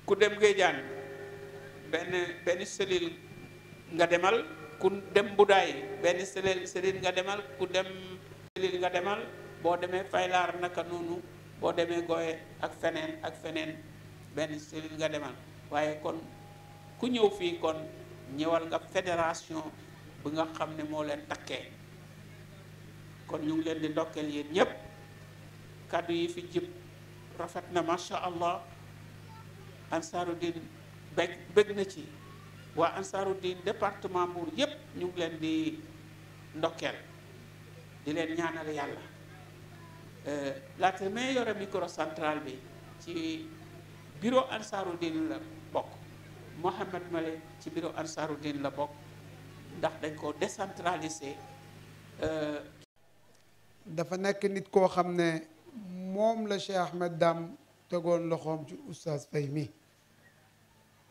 ku dem géejaan benn benn selil nga demal ku dem budaay benn selil selil nga demal ku dem selil nga demal boo demee faylaar naka noonu boo demee gooye ak feneen ak feneen benn cellule nga demal waaye kon ku ñëw fii kon ñëwal nga fédération bi nga xam ne moo leen takkee kon ñu ngi leen di ndokkeel yéen ñépp kàddu yi fi jib rafet na masha allah Ansaarud-Din bëgg bég na ci waa Ansaarud-Din département Mbour yépp ñu ngi leen di ndokkeel di leen ñaanal yàlla Euh, laata may yore microcentral bi ci bureau ansaaru din la bokk Mouhamed Male ci bureau ansaaru din la bokk ndax dañ ko décentralisé euh, dafa nekk nit koo xam ne moom la Cheikh Ahmed dàmm tegoon loxoom ci oustaz Faye mi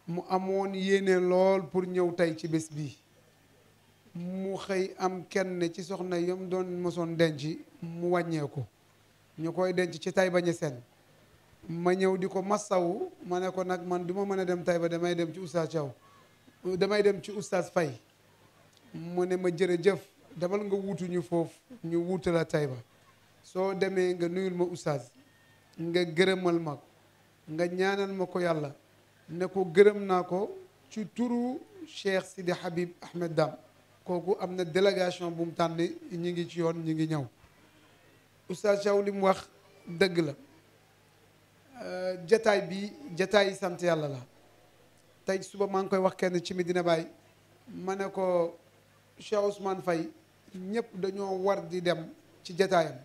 mu amoon yéene lool pour ñëw tey ci bis bi mu xëy am kenn ci soxna yam doon mosoon denc mu wàññeeku ñu koy denc ci Taïba Niassène ma ñëw di ko massawu ma ne ko nag man du ma mën a dem ba damay dem ci oustaz Thiaw damay dem ci oustaz fay mu ne ma jëf demal nga wutuñu foofu ñu wuuta la Taïba soo demee nga nuyul ma oustaz nga gërëmal ma nga ñaanal ma ko yàlla ne ko gërëm naa ko ci turu Cheikh Sidi Habib Ahmed Dam kooku am na délégation bu tànn ñu ngi ci yoon ñu ngi ñëw oustaz Thiaw li mu wax dëgg la jataay bi jataay yi sant yàlla la tey suba maa ngi koy wax kenn ci Medina Baye ma ne ko Cheikh Ousmane Faye ñëpp dañoo war di dem ci jataayam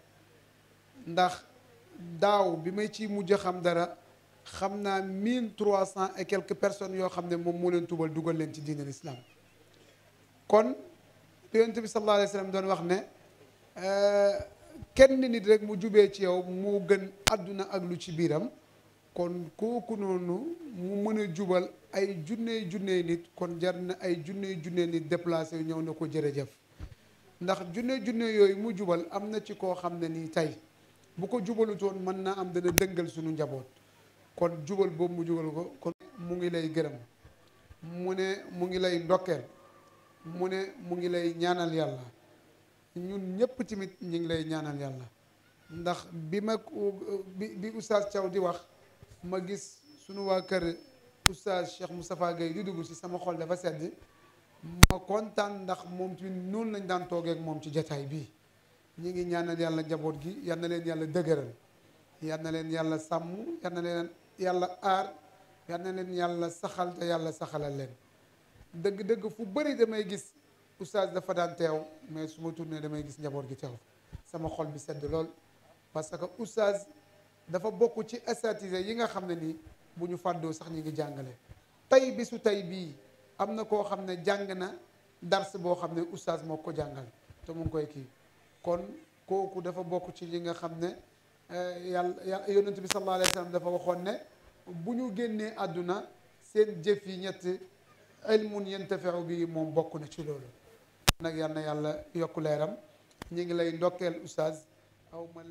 ndax daaw bi may ci mujj xam dara xam naa mille trois cent et quelques personnes yoo xam ne moom moo leen tubal dugal leen ci diine l'islam kon yonent bi sallallahu alayhi wa sallam doon wax ne kenn nit rek mu jubee ci yow moo gën àdduna ak lu ci biiram kon kooku noonu mu mën a jubal ay junney junney nit kon jar na ay junney junney nit déplacé ñëw na ko jër jëf ndax junney junney yooyu mu jubal am na ci koo xam ne nii tey bu ko jubalutoon mën naa am dana dëngal suñu njaboot kon jubal boobu mu jubal ko kon mu ngi lay gërëm mu ne mu ngi lay ndokkeel mu ne mu ngi lay ñaanal yàlla ñun ñëpp tamit ñu ngi lay ñaanal yàlla ndax bi ma bi bi oustaz Thiaw di wax ma gis sunu waa kër oustaz Cheikh Moustapha Gueye di dugg ci sama xol dafa sedd ma kontaan ndax moom tamit noonu lañ daan toogee moom ci jataay bii ñu ngi ñaanal yàlla njaboot gi yal na leen yàlla dëgëral yal na leen yàlla sàmm yal na yàlla aar yal na leen yàlla saxal yàlla saxalal leen dëgg-dëgg fu bëri damay gis oustaz dafa daan teew mais su ma tourné damay gis njaboot gi teew sama xol bi sedd lool parce que oustaz dafa bokk ci statisé yi nga xam ne nii bu ñu fàddoo sax ñu ngi jàngale tey bi su tey bii am na koo xam ne jàng na dars boo xam ne oustaz moo ko jàngal te mu ngi koy kii kon kooku dafa bokk ci li nga xam ne yàlla yàlla yonent bi sallallahu alayhi wa sallam dafa waxoon ne bu ñu génnee àdduna seen jëf yi ñett ilmun yantafiu bi moom bokk na ci loolu nag yal yàlla yokk leeram ñu ngi lay ndokkeel oustaz aw ma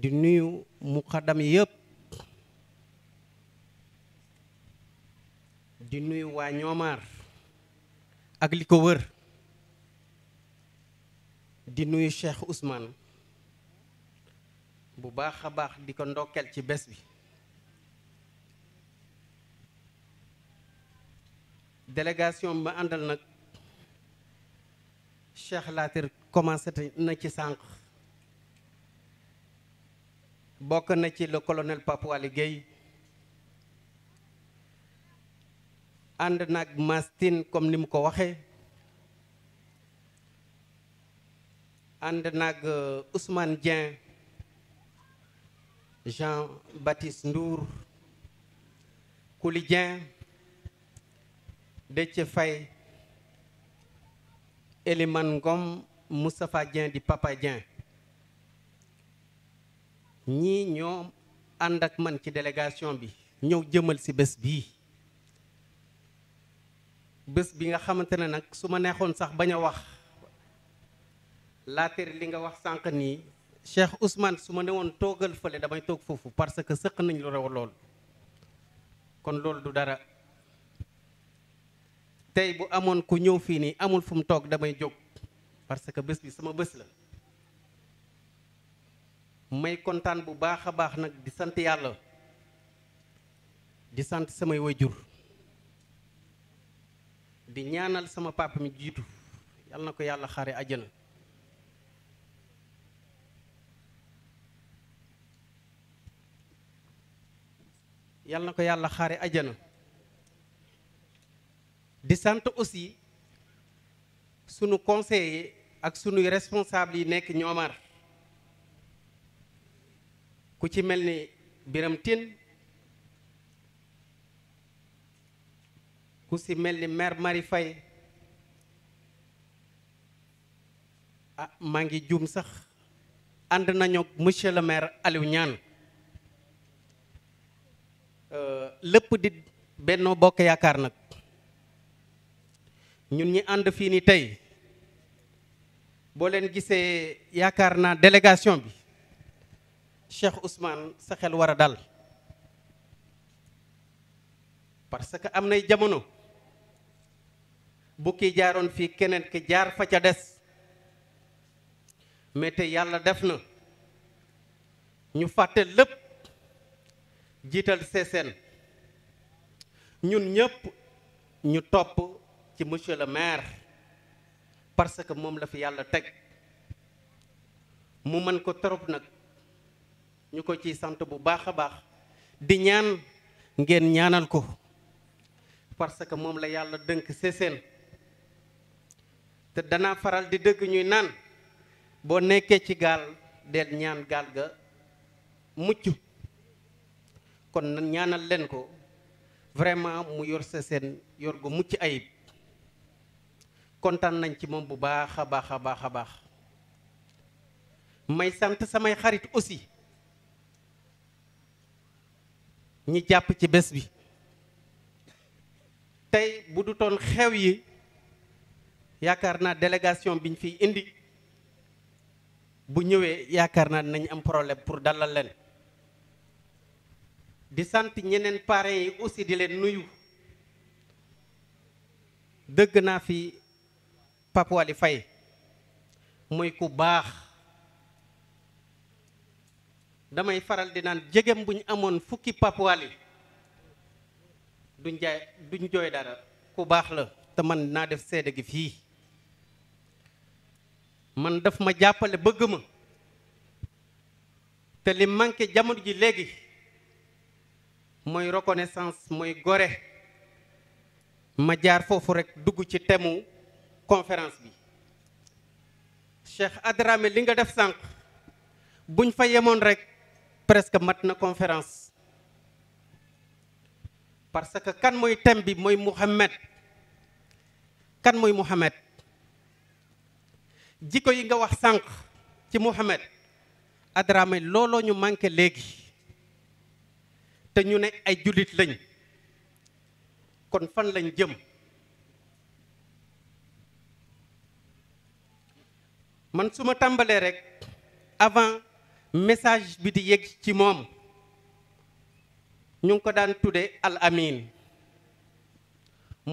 di nuyu muqaddam yëpp di nuyu waa ñoomaar ak li ko wër di nuyu Cheikh Ousmane bu baax a baax di ko ndokkeel ci bés bi délégation ba àndal nag Cheikh Latir commencé na ci sànq bokk na ci le colonel Pape Leguy. Gueye, and nak comme Nimkowache, ko euh, Ousmane Dieng Jean Baptiste Ndour Koulidien, Dieng Elemen kom mustafa dien di Papa nyi ñi ñom ànd ak man ci délégation bi ñëw jëmal si bës bi bës bi nga xamantene nak suma neexon sax baña a wax laatér li nga wax sank ni Cheikh Ousmane suma neewon togal fele damay parce que sekk nañ lu rew lool kon lool du dara tay bu amone ku ñew fi ni amul fu mu toog damay jog parce que bëss bi sama bëss la may contane bu baaxa baax nag di sante yalla di sante sama wayjur di ñaanal sama papa mi jitu yalla nako ko xare aljana yalla nako ko xare aljana di sant aussi sunu conseillers ak sunuy responsables yi nekk ñoomar ku ci mel Biram Tin, ku ci mel maire Marie Faye ah maa ngi sax ànd nañu monsieur le maire Aliou Niane euh, lépp di Benno Bokk Yaakaar nag ñun ñi ànd fii ni tey boo leen gisee yaakaar naa délégation bi Cheikh Ousmane sa xel war a dal parce que am nay jamono bu kii jaaroon fii keneen ki jaar fa ca des mais te yàlla def na ñu fàtte lépp jiital seeseen ñun ñëpp ñu topp ci monsieur le maire parce que mom la fi yalla tek mu man ko torop nak ñuko ci sante bu bah baax di ñaan ngeen ñaanal ko parce que mom la yalla deunk sesen te dana faral di deug ñuy naan bo nekké ci gal del ñaan gal ga muccu kon ñaanal len ko vraiment mu yor sesen yor go mucc ayib kontaan nañ ci moom bu baax a baax a baax a baax may sant samay xarit aussi ñi jàpp ci bés bi tey bu du toon xew yi yaakaar naa délégation biñ fiy indi bu ñëwee yaakaar naa nañ am problème pour dalal leen di sant ñeneen parents yi aussi di leen nuyu dëgg naa fi Pape fay Faye muy ku baax damay faral di naan bu ñu amoon fukki Pape Waly duñ jaay duñ dara ku baax la te man naa def seede gi fii man daf ma jàppale bëgg ma te li manqué jamono ji léegi mooy reconnaissance mooy gore ma jaar foofu rek dugg ci temu conférence bi Cheikh Adrame li nga def sànq buñ fa yemoon rek presque mat na conférence parce que kan moi thème bi mooy Mouhamed kan mooy Mouhamed jikko yi nga wax sànq ci Mouhamed Adrame lolo ñu manqué léegi te ñu ne ay jullit lañ kon fan man su ma tàmbalee rek avant message bi di yegg ci moom ñu ngi ko daan tudde al amin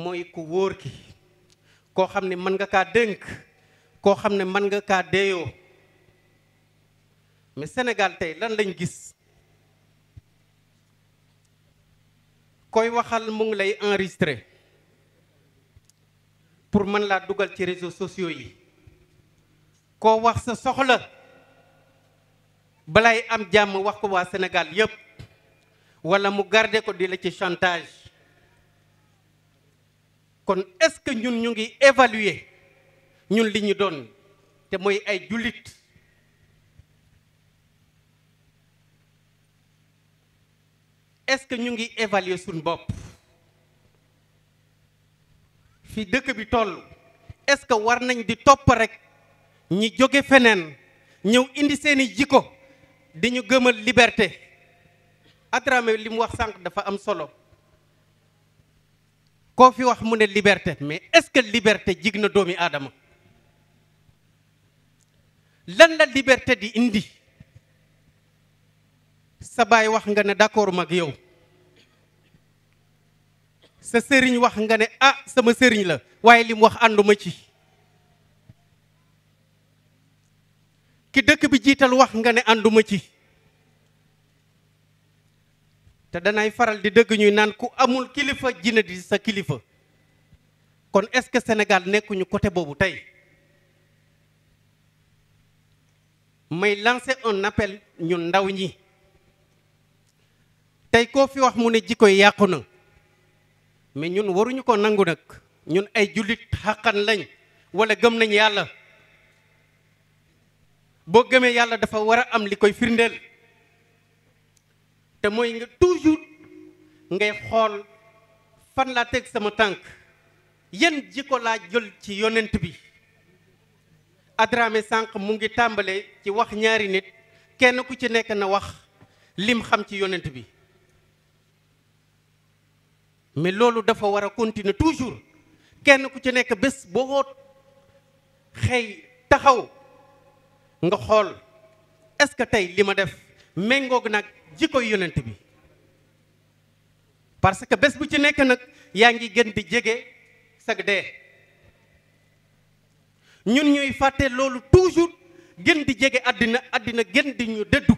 mooy ku wóor ki koo xam ne mën nga kaa dénk koo xam ne mën nga kaa deeyoo mais Sénégal tey lan lañ gis koy waxal mu ngi lay enregistré pour mën laa dugal ci réseaux sociaux yi koo wax sa soxla balay am jamm wax ko wa Sénégal yep. wala mu garder ko di la ci chantage kon est-ce que ñun ñu ngi évaluer ñun li ñu donne té moy ay julit est-ce que ñu ngi évaluer suñu bop fi dëkk bi tollu est-ce que war nañ di top rek ñi jóge feneen ñëw indi seeni jikko di ñu gëmal liberté Adrame li mu wax sànq dafa am solo koo fi wax mu ne liberté mais est-ce que liberté jig na doomi aadama lan la liberté di indi sa baay wax nga ne d'accord mag yow sa sëriñ wax nga ne ah sama sëriñ la waaye li mu wax ànduma ci ki dëkk bi jiital wax nga ne ànduma ci te danay faral di dëgg ñuy naan ku amul kilifa jina di sa kilifa kon est-ce que Sénégal nekkuñu côté boobu tey may lancer un appel ñun ndaw ñi tey koo fi wax mu ne jikko yàqu na mais ñun waruñu ko nangu nag ñun ay jullit xàqan lañ wala gëm nañ yàlla boo gëmee yàlla dafa war a am li koy firndeel te mooy nga toujours ngay xool fan laa teg sama tànk yan jikko laa jël ci yonent bi Adrame sànq mu ngi tàmbalee ci wax ñaari nit kenn ku ci nekk na wax lim xam ci yonent bi mais loolu dafa war a continuer toujours kenn ku ci nekk bés boo xëy taxaw nga xol est ce tay lima def méngoog nak jiko yonent bi parce que bes bu ci nek nak yaangi gën di jégué sag dé ñun ñuy genti lolu toujours gën di jégué adina adina gën di ñu dëddu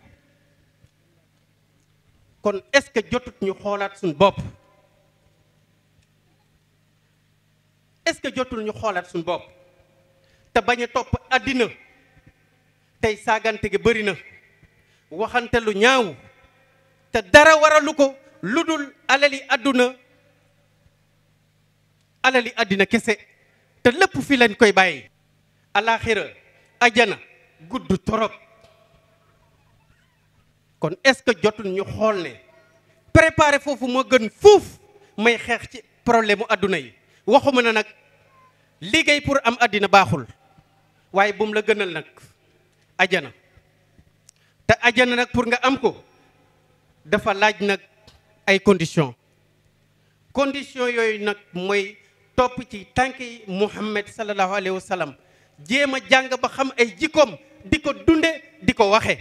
kon est ce jotut ñu xolaat sun bop est ce jotul ñu xolaat sun bop tey saagante gi bëri na waxante lu ñaaw te dara waralu ko lu dul alali àdduna alali àddina kese te lépp fi leen koy bàyyi alaxira ajana gudd torop kon est-ce que jotul ñu xool ne préparer foofu moo gën fuuf may xeex ci problème mu àdduna yi waxuma na nag liggéey pour am àddina baaxul waaye bu mu la gënal nag ajana te ajana nag pour nga am ko dafa laaj nag ay condition condition yooyu nag mooy topp ci tànk yi Muhammad sallallahu alayhi wa sallam jéem a jàng ba xam ay jikkoom di ko dunde di ko waxe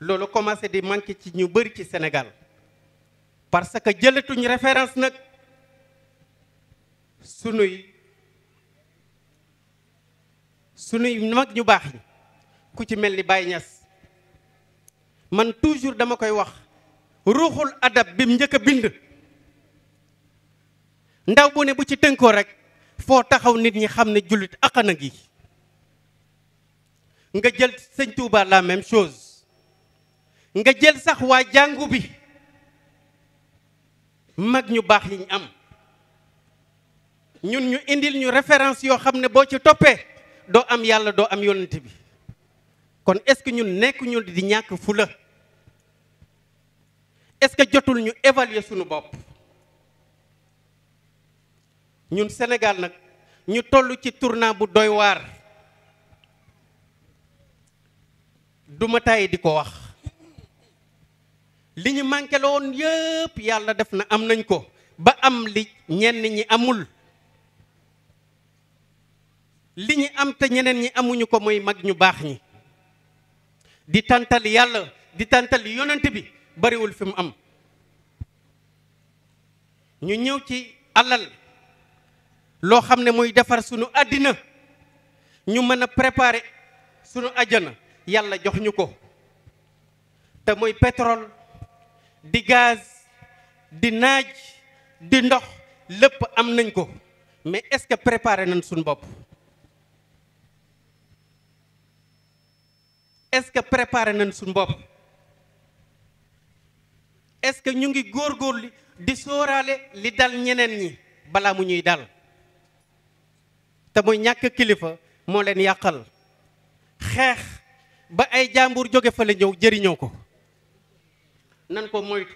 loolu commencé di manqué ci ñu bëri ci senegal parce que jëlatuñu référence nag sunuy suñuy mag ñu baax ñi ku ci mel ni Baye ñas man toujours dama koy wax ruuxul adab bi mu njëkk a bind ndaw bu ne bu ci tënkoo rek foo taxaw nit ñi xam ne jullit aqana gi nga jël sëñ Touba la même chose nga jël sax waa jàngu bi mag ñu baax yiñ am ñun ñu indil ñu référence yoo xam ne boo ci toppee doo am yàlla doo am yonent bi kon est-ce que ñun nekk ñu di ñàkk fula est-ce que jotul ñu évaluer sunu bopp ñun Sénégal nag ñu toll ci tournant bu doy waar duma tàyyi di ko wax li ñu manqué la woon yàlla def na am nañ ko ba am li ñenn ñi amul li ñu am te ñeneen ñi amuñu ko mooy mag ñu baax ñi di tantal yàlla di tantal yonent bi bariwul fi mu am ñu ñëw ci alal loo xam ne muy defar sunu àddina ñu mën a préparer sunu àjjana yàlla jox ñu ko te mooy petrol di gaz di naaj di ndox lépp am nañ ko mais est-ce que préparer nañ suñu bopp est-ce que préparé nañ suñu bopp est-ce que ñu ngi góorgóorlu di sóoraale li dal ñeneen ñi balaa mu ñuy dal te muy ñàkk kilifa moo leen yàqal xeex ba ay jàmbur jóge fa la ñëw jëriñoo ko nan ko moytu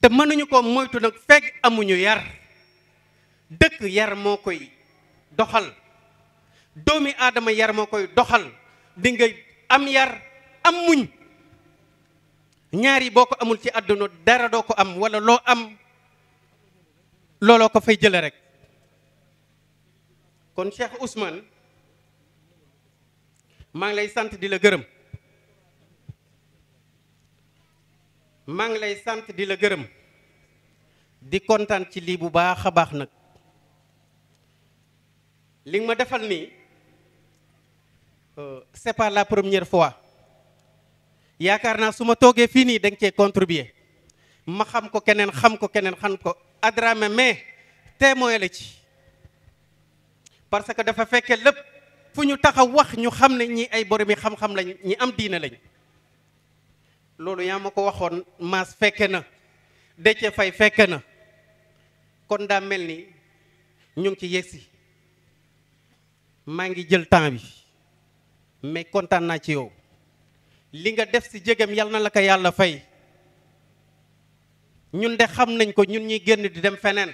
te mënuñu ko moytu nag fekk amuñu yar dëkk yar moo koy doxal doomi aadama yar moo koy doxal di nga am yar am muñ ñaar yi boo ko amul ci àdduna dara doo ko am wala loo am looloo ko fay jële rek kon Cheikh Ousmane maa ngi lay sant di la gërëm maa ngi lay sant di la gërëm di kontaan ci lii bu baax a baax nag li ma defal nii Euh, c'est pas la première fois Yakarna suma su fini toogee fii contribuer ma xam ko kenen, xam ko xam ko Adrame mais témoin parce que dafa fekke lepp fu ñu taxaw wax ñu xam ne ñi ay yi xam-xam lañ ñi am diina lañ dit, ko na na kon ñu temps mais kontaan naa ci yow li nga def si jegam yal na la ko yàlla fay ñun de xam nañ ko ñun ñuy génn di dem feneen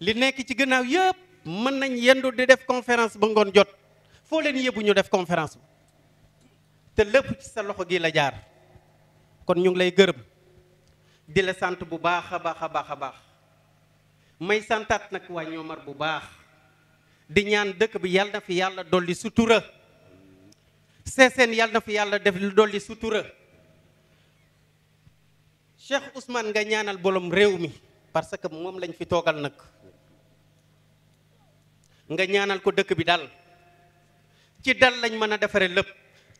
li nekk ci gannaaw yëpp mën nañ yendu di def conférence ba ngoon jot foo leen yëbu ñu def conférence bi te lépp ci sa loxo gi la jaar kon ñu ngi lay gërëm di la sant bu baax a baax a baax a baax may santaat nag waa ñoomar bu baax di ñaan dëkk bi yàlla na fi yàlla dolli sutura seeseen yàlla na fi yàlla def dolli sutura Cheikh Ousmane nga ñaanal bolom réew mi parce que moom lañ fi toogal nag nga ñaanal ko dëkk bi dal ci dal lañ mën a defare lépp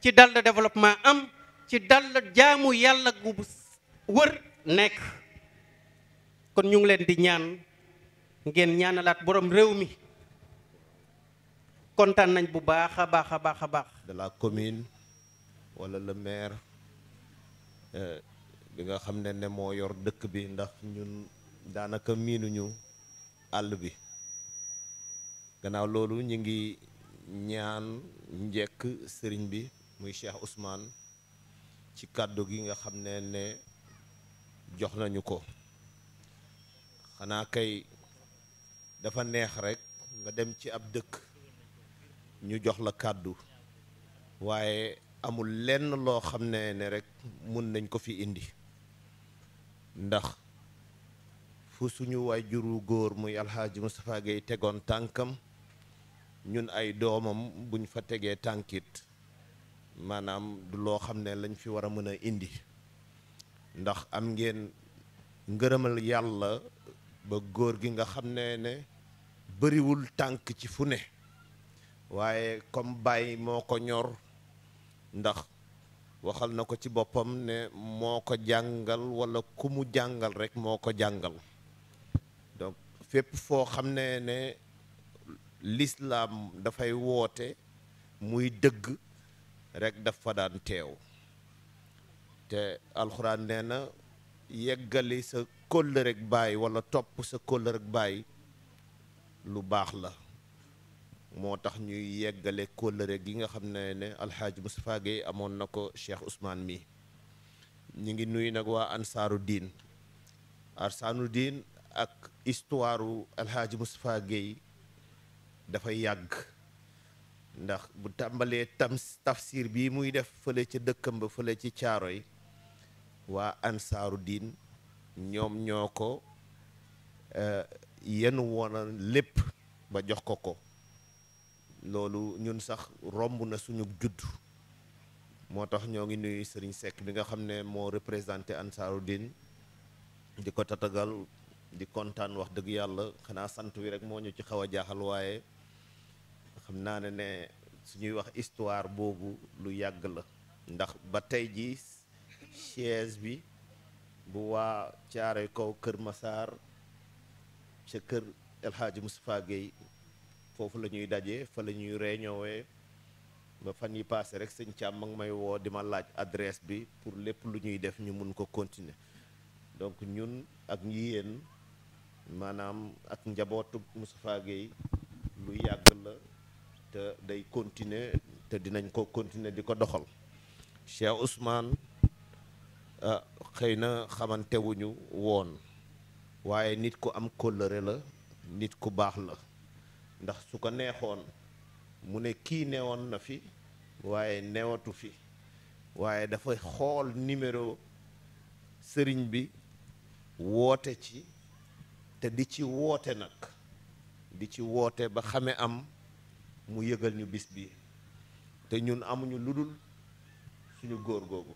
ci dal la développement am ci dal la jaamu yàlla gu wër nekk kon ñu ngi leen di ñaan ngeen ñaanalaat borom réew mi kontaan nañ bu baax a baax a baax a baax. de la commune wala le maire euh, bi nga xam ne ne moo yor dëkk bi ndax ñun daanaka miinuñu àll bi gannaaw loolu ñu ngi ñaan njekk sëriñ bi muy Cheikh usmaan ci kàddu gi nga xam ne ne jox nañu ko xanaa kay dafa neex rek nga dem ci ab dëkk. ñu jox la kàddu waaye amul lenn loo xam ne ne rek mun nañ ko fi indi ndax fu suñu wu góor muy alxaaji Moustapha Gueye tegoon tànkam ñun ay doomam buñ fa tegee tànkit maanaam du loo xam ne lañ fi war a mën a indi ndax am ngeen ngërëmal yàlla ba góor gi nga xam ne ne bariwul tànk ci fu ne waaye comme bàyyi moo ko ñor ndax waxal na ko ci boppam ne moo ko jàngal wala ku mu jàngal rekk moo ko jàngal donc fépp foo xam ne ne lislaam dafay woote muy dëgg rek dafa daan teew te alxuraan nee na yeggali sa kóllëreg baay wala topp sa kóllëreg baay lu baax la moo tax ñuy yeggale kóllëre gi nga xam ne ne alxaaji Moustapha Gueye amoon na ko Cheikh Ousmane mi ñu ngi nuyu nag waa ansaaru diin ansaaru diin ak istuwaaru u alxaaji Moustapha Gueye dafa yàgg ndax bu tàmbalee tam tafsir bi muy def fële ca dëkkam ba fële ci caaro yi waa ansaaru diin ñoom ñoo ko eh, yenu woon lépp ba jox ko ko loolu ñun sax romb na suñu judd moo tax ñoo ngi nuyu sëriñ Seck bi nga xam ne moo représenté Ansaarud-Din di ko tatagal di kontaan wax dëgg yàlla xanaa sant wi rek moo ñu ci xaw a jaaxal waaye xam naa ne ne suñuy wax histoire boobu lu yàgg la ndax ba tey ji chaise bi bu waa caare kaw Kër Massar ca kër El Hadji Moustapha Gueye foofu la ñuy dajee fa la ñuy réunion ba fan yi paase rek sëñ Thiam ma may woo di ma laaj adresse bi pour lépp lu ñuy def ñu mun ko continuer donc ñun ak ñi yéen maanaam ak njabootu Moustapha Gueye lu yàgg la te day continuer te dinañ ko continuer di ko doxal Cheikh Ousmane ah, xëy na xamantewuñu woon waaye nit ku am kóllëre la nit ku baax la ndax su ko neexoon mu ne kii newoon na fi waaye newatu fi waaye dafa xool numéro sëriñ bi woote ci te di ci woote nag di ci woote ba xame am mu yëgal ñu bis bi te ñun amuñu lu dul suñu góor googu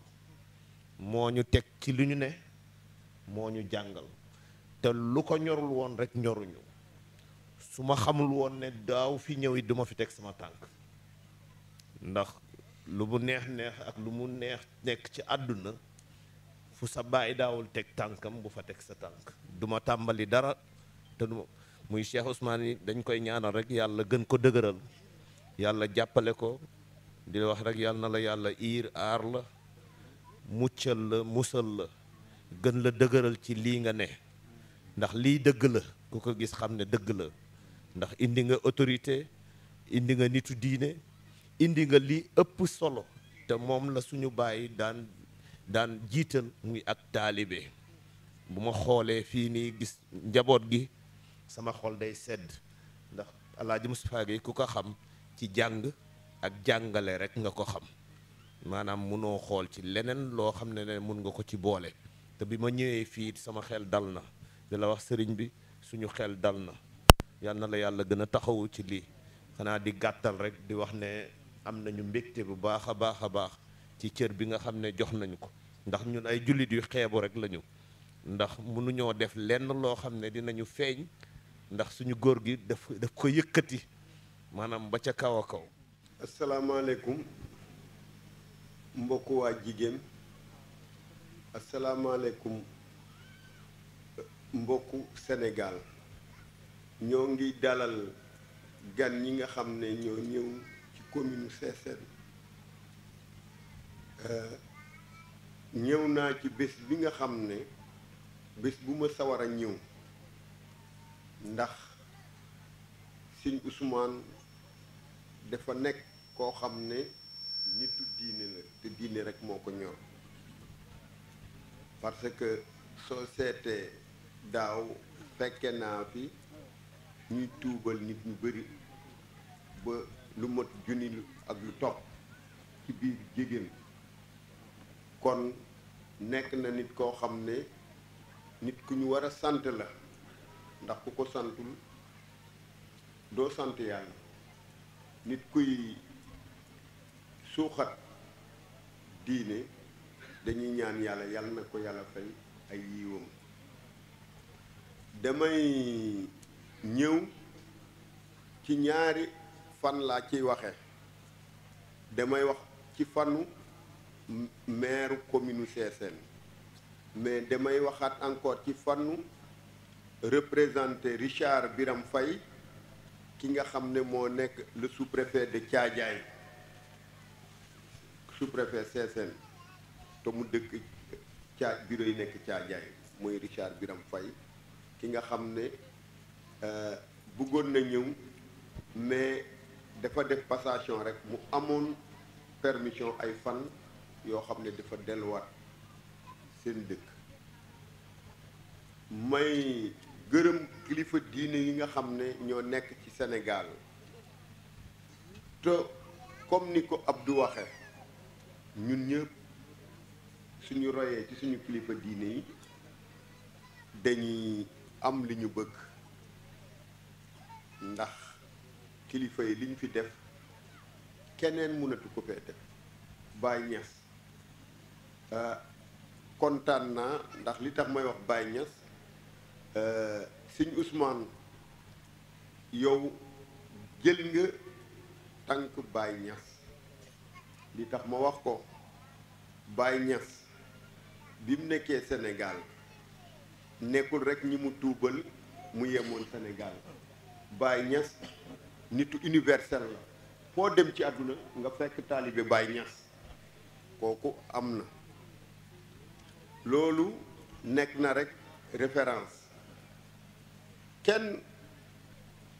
moo ñu teg ci li ñu ne moo ñu jàngal te lu ko ñorul woon rekk ñoruñu su ma xamul woon ne daaw fi ñëw it du fi teg sama tànk ndax lu mu neex neex ak lu mu neex nekk ci àdduna fu sa bàyyi daawul teg tànkam bu fa teg sa tànk duma tàmbali dara te du ma muy Cheikh Ousmane yi dañ koy ñaanal rek yàlla gën ko dëgëral yàlla jàppale ko di wax rek yàlla na la yàlla iir aar la muccal la musal la gën la dëgëral ci lii nga ne ndax lii dëgg la ku ko gis xam ne dëgg la ndax indi nga autorité indi nga nitu diine indi nga li ëpp solo te moom la suñu bàyyi daan daan jiital muy ak taalibe bu ma xoolee fii nii gis njaboot gi sama xol day sedd ndax Alaaji Mustafaa Gey ku ko xam ci jàng ak jàngale rek nga ko xam maanaam munoo xool ci leneen loo xam ne ne mun nga ko ci boole te bi ma ñëwee fii sama xel dal na dala wax sëriñ bi suñu xel dal na yal na la yàlla gën a taxawu ci lii xanaa di gàttal rek di wax ne am nañu mbégte bu baax a baax a baax ci cër bi nga xam ne jox nañu ko ndax ñun ay jullit yu xeebu rek lañu ndax mënuñoo def lenn loo xam ne dinañu feeñ ndax suñu góor gi daf daf ko yëkkati maanaam ba ca kaw a kaw. asalaamaaleykum mbokku waa jigéen asalaamaaleykum mbokku Sénégal. ñoo ngi dalal gan ñi nga xam ne ñoo ñëw ci commune Sessène euh, ñëw naa ci bés bi nga xam ne bés bu ma sawar a ñëw ndax sëñ Ousmane dafa nekk koo xam ne nitu diine la te diine rek moo ko ñor parce que soo seetee daaw fekke naa fi ñuy tuubal nit ñu bari ba lu mot junni ak lu topp ci biir jigéen kon nekk na nit koo xam ne nit ku ñu war a sant la ndax ku ko santul doo sant yàlla nit kuy suuxat diine dañuy ñaan yàlla yàlla na ko yàlla fay ay yiwam damay ñëw ci ñaari fan laa ciy waxe damay wax ci fanu maire commune Sessène mais damay waxaat encore ci fanu représenté Richard Biram fay ki nga xam ne moo nekk le sous-préfet de Thiadiaye sous-préfet te mu dëkk caa bureau nekk Thiadiaye mooy Richard Biram Faye ki nga xam ne Euh, bëggoon na ñëw mais dafa def passation rek mu amoon permission ay fan yoo xam ne dafa delluwaat seen dëkk may gërëm kilifa diine yi nga xam ne ñoo nekk ci Sénégal te comme ni ko Abdou waxe ñun ñëpp suñu royee ci suñu kilifa diine yi dañuy am li ñu bëgg ndax kilifa yi liñ fi def keneen mënatu ko fee def Baye Niass euh, kontaan naa ndax li tax may wax Baye ñas euh, Serigne Ousmane yow jël nga tànk Baye Niass li tax ma wax ko Baye ñas bi mu nekkee senegaal nekkul rek ñi mu tuubal mu yemoon senegaal Baye Niass nitu universel la foo dem ci àdduna nga fekk taalibe Baye Niass kooku am na loolu nekk na rek référence kenn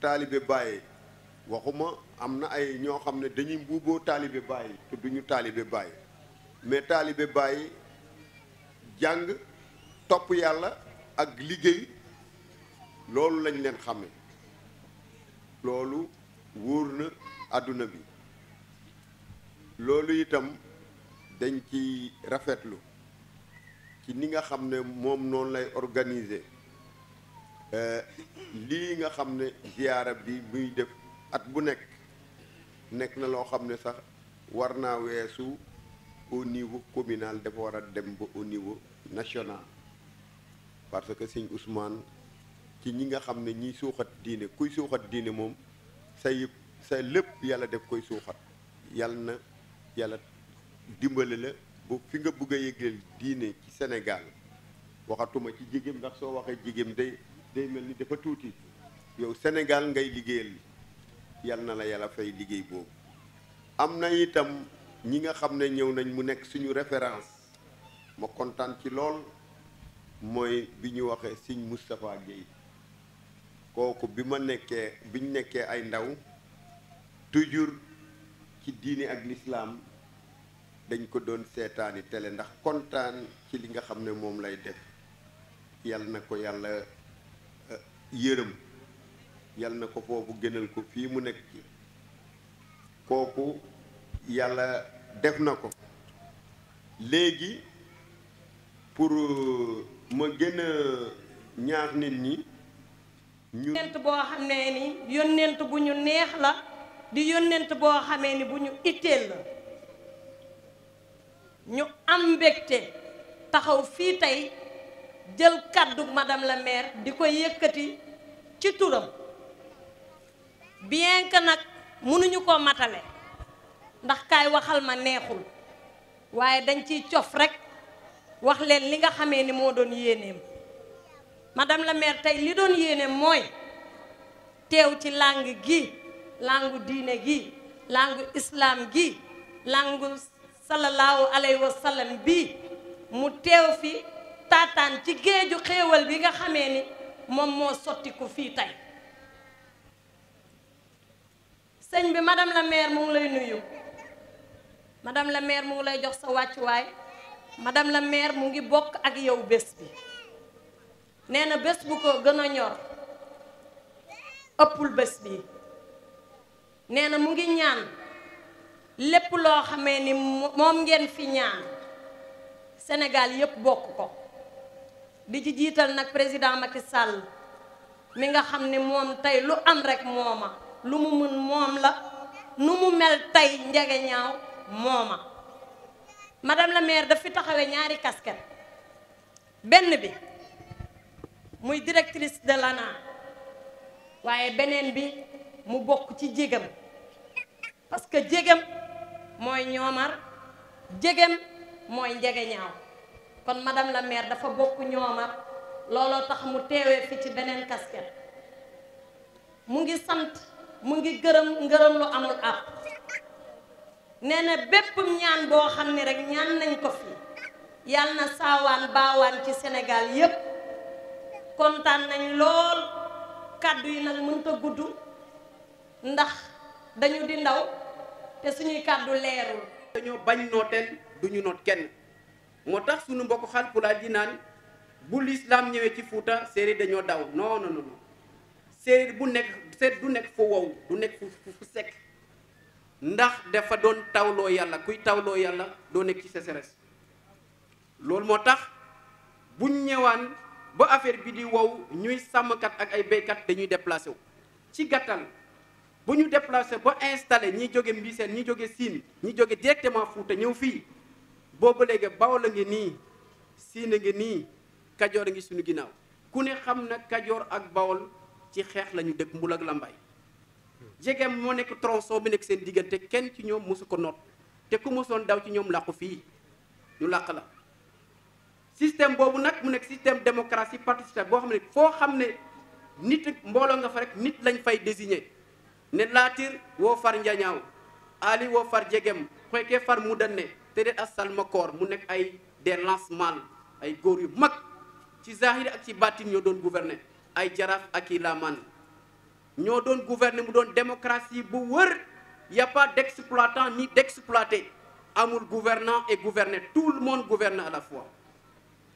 taalibe Baye waxuma am na ay ñoo xam ne dañuy mbuuboo taalibe Baye te duñu taalibe Baye mais taalibe Baye jàng topp yàlla ak liggéey loolu lañ leen xame loolu wóor na àdduna bi loolu itam dañ ci rafetlu ci ni nga xam ne moom noonu lay organiser eh, lii nga xam ne ziyaara bi muy def at bu nekk nekk na loo xam ne sax war naa weesu au niveau communal dafa war a dem ba au niveau national parce que sëñ Ousmane ci ñi nga xam ne ñi suuxat diine kuy suuxat diine moom yëpp say lépp yàlla def koy suuxat yàlla na yàlla dimbali la bu fi nga bëgg a diine ci Sénégal waxatuma ci jigéen ndax soo waxee jigéen day day mel ni dafa tuuti yow Sénégal ngay liggéeyal yàlla na la yàlla fay liggéey boobu am na itam ñi nga xam ne ñëw nañ mu nekk suñu référence ma kontaan ci lool mooy bi ñu waxee Sëñ Moustapha Guèye kooku bi ma nekkee biñ nekkee ay ndaw toujours ci diini ak lislaam dañ ko doon seetaani tele ndax kontaan ci li nga xam ne moom lay def yal na ko yàlla euh, yërëm yal na ko foofu gënal ko fii mu nekk ci kooku yàlla def na ko léegi pour euh, ma gën a ñaax nit ñi yónnent boo xam ne ni yónnent bu ñu neex la di yónnent boo xamee ni bu ñu itteel la ñu am mbégte taxaw fii tey jël kàddu madame la maire di ko yëkkati ci turam bien que nag mënuñu ko matale ndax kaay waxal ma neexul waaye dañ ciy cof rekk wax leen li nga xamee ni moo doon yéeneem madam la maire tey li doon yéene mooy teew ci làng gi langue diine gi langue islaam gi langue sallallahu alayhi wa bi mu teew fi taataan ci géeju xéewal bi nga xamee ni moom moo sotti ko fii tey sëñ bi madame la maire mu ngi lay nuyu madam la maire mu ngi lay jox sa wàccuwaay madam la meer mu ngi bokk ak yow bés bi nee na bés bu ko gën a ñor ëppul bés bi neena mu ngi ñaan lépp loo xamee ni moom ngeen fi ñaan Sénégal yépp bokk ko di ci jiital nag président Macky sàll mi nga xam ni moom tey lu am rek mooma lu mu mën moom la nu mu mel tey njege ñaaw mooma madame la maire daf fi ñaari casquette benn bi muy directrice de l'ANA waye benen bi mu bok ci djegam parce que djegam moy ñomar djegam moy njege ñaaw kon madame la maire dafa bok ñomar lolo tax mu teewee fi ci benen casquette mu ngi sant mu ngi gëreum lo lu amul Nene néna na ñaan bo xamni rek ñaan nañ ko fi yalna na saawaan ci Sénégal yépp kontaan nañ lol kaddu yi nak mën ta guddu ndax dañu di ndaw te suñuy kaddu leeru dañu bañ notel duñu not kenn motax suñu mbokk pula di nan bu l'islam ñëwee ci fouta séeréer dañu daw non non non séeréer bu nek sét du nek fu waw du nek fu fu sek ndax dafa don tawlo yalla kuy tawlo yalla do nek ci sécheresse loolu motax buñ ñëwaan ba affaire bi di waw ñuy sàmmkat ak ay baykat dañuy déplacer wu ci gàttal bu ñu nous ba installé ñi ni ñi ñi directement Fuuta ñew fi boobu léegi Bawol des ngi ni Siin ngi de Kajoor suñu ku ne xam ak Bawol ci xex lañu des ak lambay jégué pas nekk kenn ci te ku daw système bobu nak mu nek système démocratie participative bo xamné fo xamné ne nit mbolo nga fa rek nit lañ fay désigner né latir wo far ali wo far jegem xoykee far mu té te Makor, makor mu nek ay des lancements ay gor yu mak ci zahir ak ci batine ñoo doon gouverner ay jaraf ak i laamaan ñoo doon gouverner mu doon démocratie bu wër y a pas d'exploitant ni d'exploité amul gouvernant et gouverner tout le monde gouverne à la fois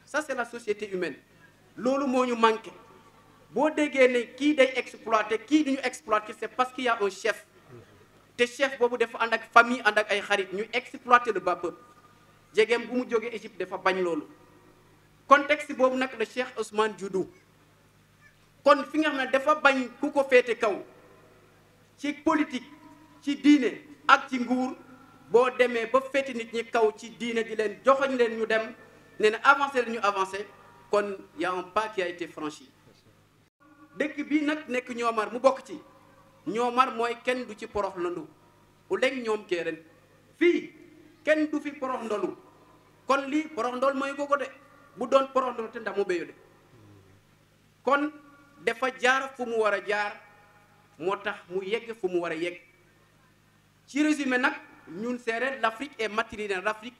ça c'est la société humaine Lolo qui nous manque. Si de ne qui day exploité qui nous exploite, c'est parce qu'il y a un chef te chef boobu ont ànd famille ànd ak ay xarit ñu exploité le bas peuple bu mu Égypte contexte est le Cheikh Ousmane kon fi nga bañ politique ci nous avons avancé y a un pas qui a été franchi Dès que nous sommes ñoomar mu bokk ci nous sommes du ci porox nous sommes du fi nous ndolu kon lii porox ndol nous gogo de bu nous porox ndol nous nous de nous Nous nous fu war a l'Afrique est l'Afrique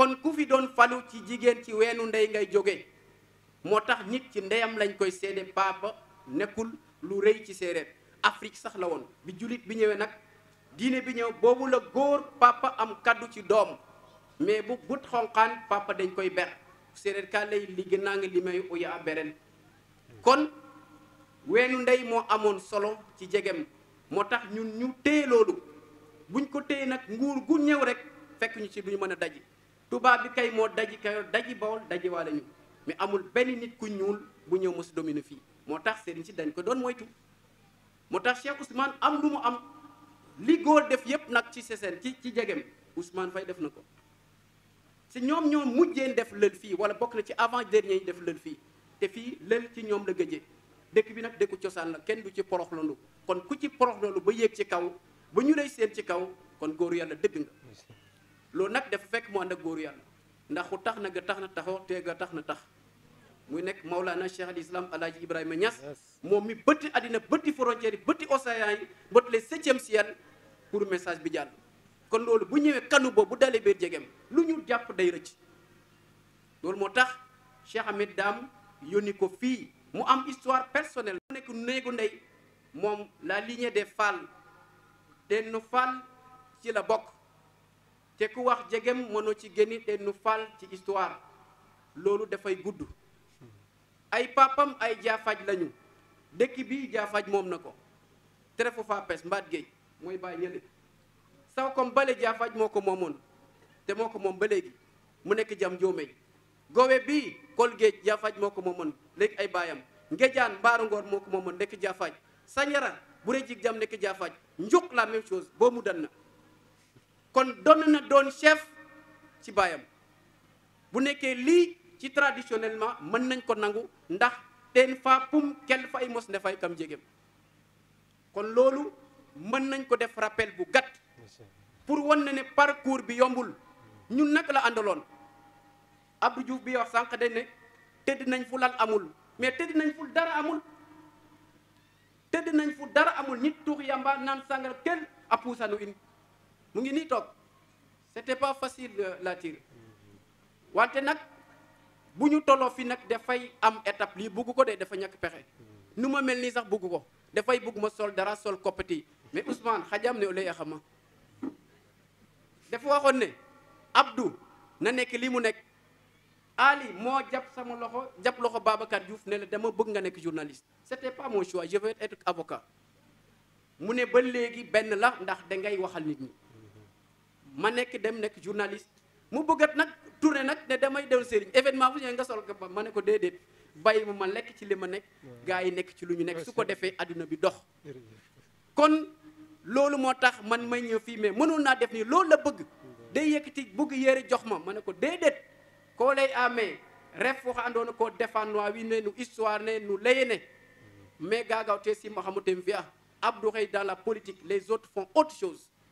kon ku fi doon falu ci jigéen ci weenu ndey ngay jóge moo tax nit ci ndeyam lañ koy seede paapa nekkul lu rëy ci séeréer Afrique sax la woon bi jullit bi ñëwee nag diine bi ñëw boobu la góor papa am kàddu ci doom mais bu but xonqaan papa dañ koy ber séeréer kaa lay li gën naa nga li may kon weenu ndey moo amoon solo ci jegem moo tax ñun ñu téye loolu buñ ko téye nag nguur gu ñëw rek fekk ñu ci duñu mën a daji tubaab bi kay moo daj kayoor daji bawol daji waale ñu mais amul benn nit ku ñuul bu ñëw mos domine fii moo tax sëriñ ci dañ ko doon moytu moo tax Cheikh Ousmane am lu mu am li def yépp nag ci seseen ci ci jegem Ousmane Faye def na ko si ñoom ñoom mujjee def lël fii wala bokk na ci avant dernier yi def lël fii te fii lël ci ñoom la gëjee dëkk bi nag dëkku cosaan la kenn du ci poroxlandu kon ku ci poroxlandu ba yéeg ci kaw ba ñu lay seen ci kaw kon góoru yàlla dëkk nga loolu nag dafa fekk mu ànd ak góoru yàlla ndax ku tax na ga tax na taxoo te ga tax na tax muy nekk Maulana Cheikh al Islam Alaaji Ibrahima Niass moom mi bëtti àddina bëtti frontière yi bëtti océan yi bëtt les septième ciel pour message bi jàll kon loolu bu ñëwee kanu boobu bu dalee biir jegeem lu ñu jàpp day rëcc loolu moo tax Cheikh Ahmed Dame yónni ko fii mu am histoire personnelle mu nekk néegu ndey moom la lignée des Fall te nu Fall ci la bokk te ku wax jegem mëno ci génni te nu fal ci histoire loolu dafay gudd ay papam ay jaafaaj lañu dëkk bi jaafaaj moom na ko terefu fa pes mbaat géej mooy bàyyi ñële saw kom bale jaafaaj moo ko moomoon te moo ko moom ba léegi mu nekk jam njóomeej goowe bi kol géej jaafaaj moo ko moomoon léegi ay baayam ngejaan mbaaru ngoor moo ko moomoon nekk jaafaaj sañara bu rëy jig jam nekk jaafaaj njuk la même chose boo mu dan na kon don na don chef ci bayam bu nekké li ci traditionnellement meun nañ ko nangu ndax ten fa pum kel ay mos ne fay kam jégem kon lolu meun nañ ko def rappel bu gat pour wan na ne parcours bi yombul ñun nak la andalon Abdou Diouf bi wax sank dañ né tedd nañ fu lal amul mais tedd nañ fu dara amul tedd nañ fu dara amul nit tuk yamba nan sangal kel a in mu ngi nii toog c'était pas facile de la tirer wante nag bu ñu tolloo fi nag dafay am étape lii bugg ko de dafa ñàkk pexe nu ma mel nii sax bugg ko dafay bugg ma sol dara sol koppati mais Ousmane xajam ne olay xama dafa waxoon ne Abdou na nekk lii mu nekk Ali moo jàpp sama loxo jàpp loxo Babacar Diouf ne la dama bëgg nga nekk journaliste c'était pas mon choix je veux être avocat mu ne ba léegi benn la ndax dangay waxal nit ñi ma nekk dem nekk journaliste mu bëggat nag tourné nag ne damay dem sëriñ événement bu ñëwee nga sol ko ma ne ko déedéet bàyyi ma ma lekk ci li ma nekk gars yi nekk ci lu ñu nekk su ko defee àdduna bi dox kon loolu moo tax man may ñëw fii mais mënoon naa def nii loolu la bëgg day yëkkati bëgg yére jox ma ma ne ko déedéet koo lay amee ref foo andoona koo défennois wi ne nu histoire ne nu laye ne mm. mais gaagawte si ma xamutem fi ah Abdou Khey dans la politique les autres font autre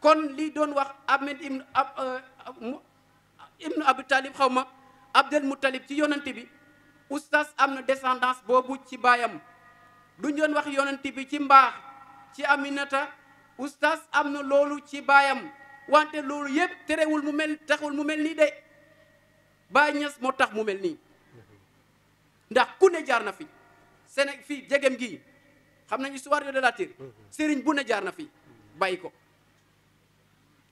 kon li doon wax Ahmed ibn euh, ibnu Abi Talib xaw ma Abdel Muttalib ci yonent bi oustaz am na descendance boobu ci baayam duñ doon wax yonent bi ci mbaax ci Aminata oustaz am na loolu ci baayam wante loolu yëpp terewul mu mel taxul mu mel nii de baa Ñas moo tax mu mel nii ndax ku ne jaar na fi Sénégal fii jegem gii xam nañu histoire de mm-hmm. sëriñ bu ne jaar na fi bàyyi ko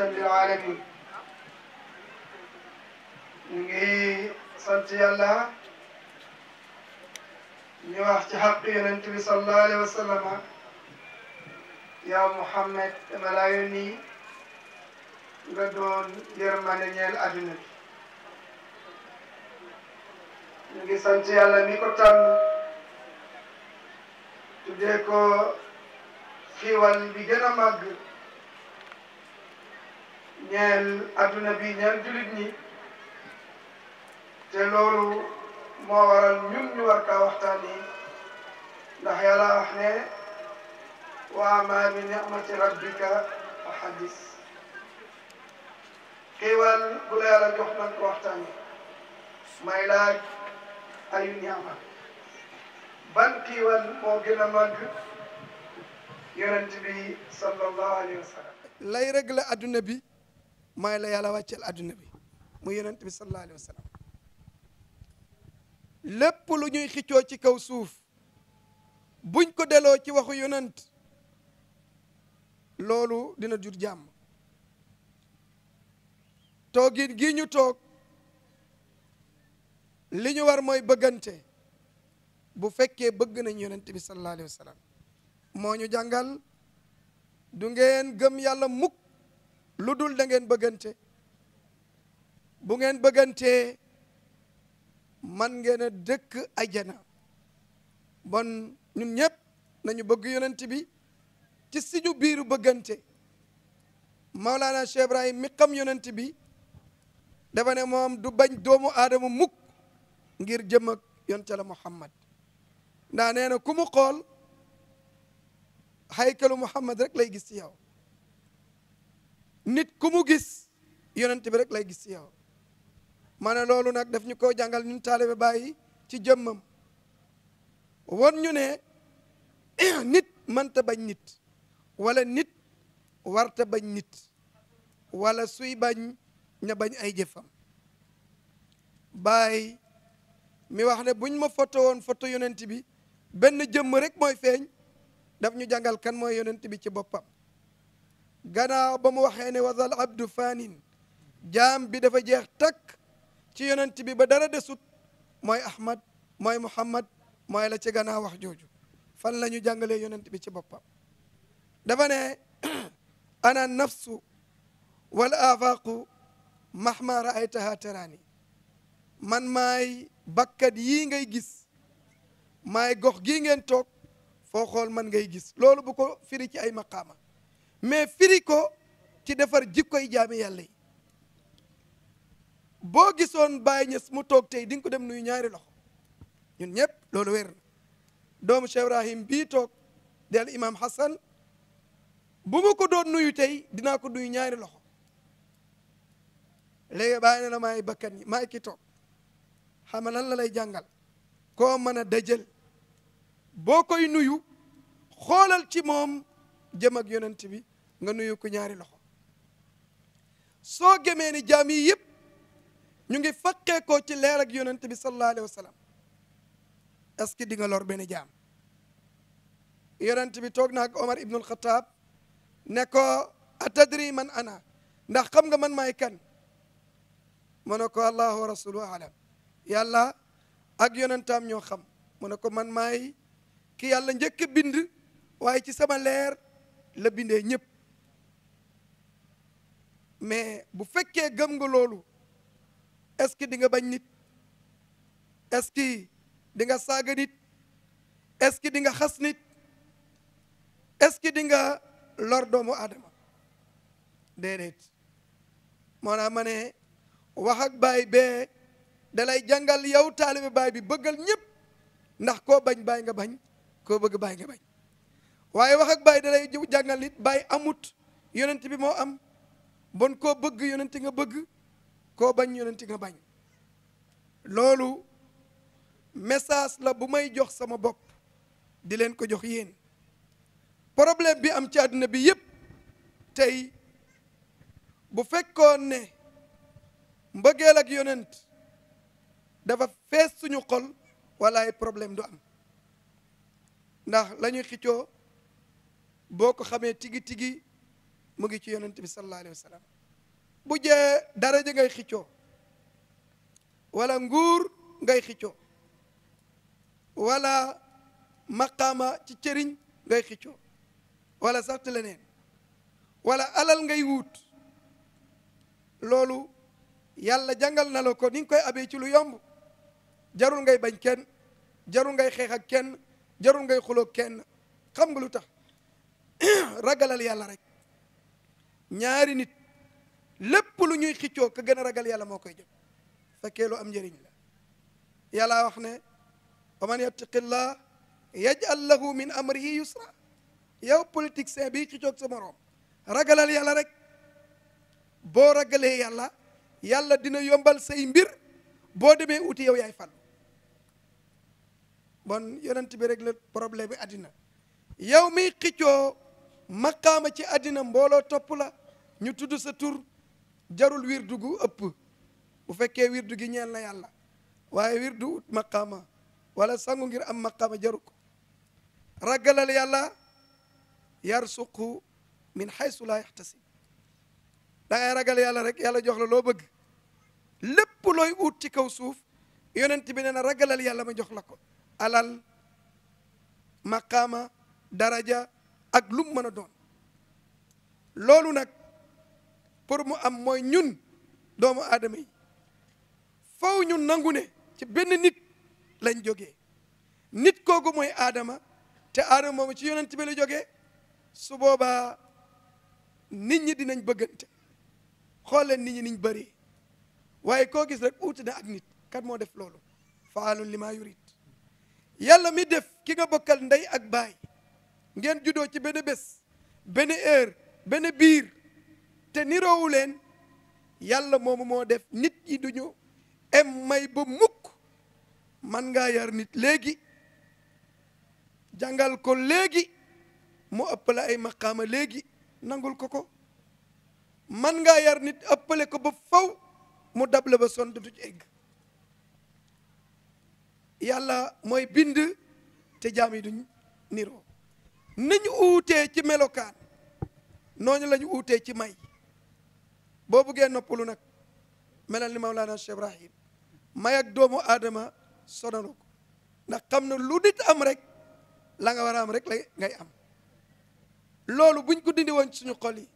rabbil ngi sant yàlla ñu wax ci xaq yonent bi sallallahu alayhi wa yaa Muhammad dama laa nga doon yërmande ñeel adduna ngi sant yàlla mi ko tànn tuddee ko xiiwal bi gën a màgg ñeel adduna bi ñeel jullit ñi te loolu moo waral ñun ñu war kaa waxtaan yi ndax yàlla wax ne waa maa bi nicmati rabbika fa xaddis xiiwal bu la yàlla jox nag ko waxtaan yi may laaj ayu ñaama ban xiiwal moo gën a màgg yonent bi sallallahu alayhi wa sallam lay régler adduna bi mooy la yàlla wàcceel àdduna bi mu yonent bi sallallahu alayhi wa lépp lu ñuy xicoo ci kaw suuf buñ ko delloo ci waxu yonent loolu dina jur jàmm toogin gi ñu toog li ñu war mooy bëggante bu fekkee bëgg nañ yonent bi sallallahu alayhi moo ñu jàngal du ngeen gëm yàlla mukk lu dul dangeen ngeen bëggante bu ngeen bëggantee man ngeen a dëkk ajana bon ñun ñëpp nañu bëgg yonent bi ci suñu biiru bëggante Maulana Cheikh Ibrahim mi xam yonent bi dafa moom du bañ doomu aadama mukk ngir jëm ak yonte la Muhammad ndaa nee na ku mu xool xaykalu Muhammad rek lay gis ci yow nit kumu gis yonent bi rek lay gis ci yow ma loolu nag daf ñu ko jàngal ñun taalibe bàyyi ci jëmmam won ñu ne eh, nit mënta bañ nit wala nit warta bañ nit wala suy bañ ña bañ ay jëfam bàyyi mi wax ne buñ ma photo woon photo yonent bi benn jëmm rek mooy feeñ daf ñu jàngal kan mooy yonent bi ci boppam gannaaw ba mu waxee ne wasal abdu fanin jaam bi dafa jeex takk ci yonent bi ba dara desut mooy ahmad mooy muhammad mooy la ci gannaaw wax jooju fan la ñu jàngalee yonent bi ci boppam dafa ne ana nafsu wal afaqu mahma raaytaha teraani man maay bakkat yii ngay gis maay gox gii ngeen toog foo xool man ngay gis loolu bu ko firi ci ay maqaama mais firi ko ci defar jikko e jaami yallay bo gisoon bayñes mu toog tey dinko dem nuyu ñaari loxo ñun ñëpp loolu wér na doomu cheh ibrahim bii toog del imam hasan bu ma ko doon nuyu tey dinaa ko nuyu ñaari loxo léegi bàyyi na la maay bakkan yi maay ki toog xam lan la lay jàngal koo mën a dajël boo koy nuyu xoolal ci moom jëm ak yonent bi nga nuyu ko ñaari loxo soo gemee ni jaam yi yëpp ñu ngi faqee ko ci leer ak yonent bi sallallahu alayhi wa sallam est-ce que di nga lor benn jaam yonent bi toog na ak Omar ibnul Xataab ne ko atadri man ana ndax xam nga man maay kan mu ne ko allahu wa rasuluhu alam yàlla ak yonentam ñoo xam mu ko man maay ki yàlla njëkk bind waaye ci sama leer la bindee ñëpp mais bu fekke gem nga lolou est-ce di nga bañ nit est-ce di nga saga nit est-ce di nga xas nit est-ce di nga lor doomu adama dedet moo naa wax ak bay be dalay jangal yow talib bay bi beugal ñep ndax ko bañ bay nga bañ ko bëgg bay nga bañ waye wax ak bay dalay jangal nit bay amut yonent bi mo am bon koo bëgg yonent nga bëgg koo bañ yonent nga bañ loolu message la bu may jox sama bopp di leen ko jox yéen problème bi am ci àdduna bi yépp tey bu fekkoon ne mbëggee ak yonent dafa fees suñu xol wala ay problème du am ndax lañuy ñuy boo ko xamee tigi tigi mu ngi ci yonent bi sallallahu alayhi wa sallam bu jee daraja ngay xiccoo wala nguur ngay xiccoo wala maqaama ci cëriñ ngay xiccoo wala sax leneen wala alal ngay wut loolu yàlla jàngal na la ko ni koy abee ci lu yomb jarul ngay bañ kenn jarul ngay xeex ak kenn jarul ngay xuloo kenn xam nga lu tax ragalal yàlla rek ñaari nit lépp lu ñuy xiccoo ka gën a ragal yàlla moo koy jot fekkee lu am njariñ la yàlla wax ne wa man yattaqillah yaj'al lahu min amrihi yusra yow politicien bi xiccoog sa moroom ragalal yàlla rek boo ragalee yàlla yàlla dina yombal say mbir boo demee uti yow yaay fal bon yonent bi rek problème bi àddina yow miy xiccoo maqaama ci àddina mbooloo topp la ñu tudd sa tur jarul wirdugu ëpp bu fekkee wirdu gi ñeel na yàlla waaye wirdu ut maqaama wala sangu ngir am maqaama jaru ko ragalal yàlla yarsuqu min xaysu laa yaxtasib da ragal yàlla rek yàlla jox la loo bëgg lépp looy ut ci kaw suuf yonent bi nee na ragalal yàlla ma jox la ko alal maqaama daraja ak lum mën a doon loolu nag pour mu am mooy ñun doomu aadama yi faw ñun nangu ne ci benn nit lañ jógee nit kooku mooy aadama te aadama moomu ci yonent bi la jógee su boobaa nit ñi dinañ bëggante leen nit ñi niñ bëri waaye koo gis rek uuti na nit kat moo def loolu faalun li maa yurid yàlla mi def ki nga bokkal ndey ak baay ngeen juddoo ci benn bés benn heure benn biir te niroowu leen yàlla moomu moo def nit yi duñu em may ba mukk man ngaa yar nit léegi jàngal ko léegi mu ëppale ay maqaama léegi nangul ko ko man nga yar nit ëppale ko ba faw mu dable ba son du ci egg yàlla mooy bind te jaam yi duñ niroo nañu uutee ci melokaan noonu lañu uutee ci may boobu buggee noppalu nag melal ni Mawlana Cheikh Ibrahim may doomu aadama sonalu ko ndax xam na lu nit am rek la nga war a am rek la ngay am loolu buñ ko dindi woon suñu xol yi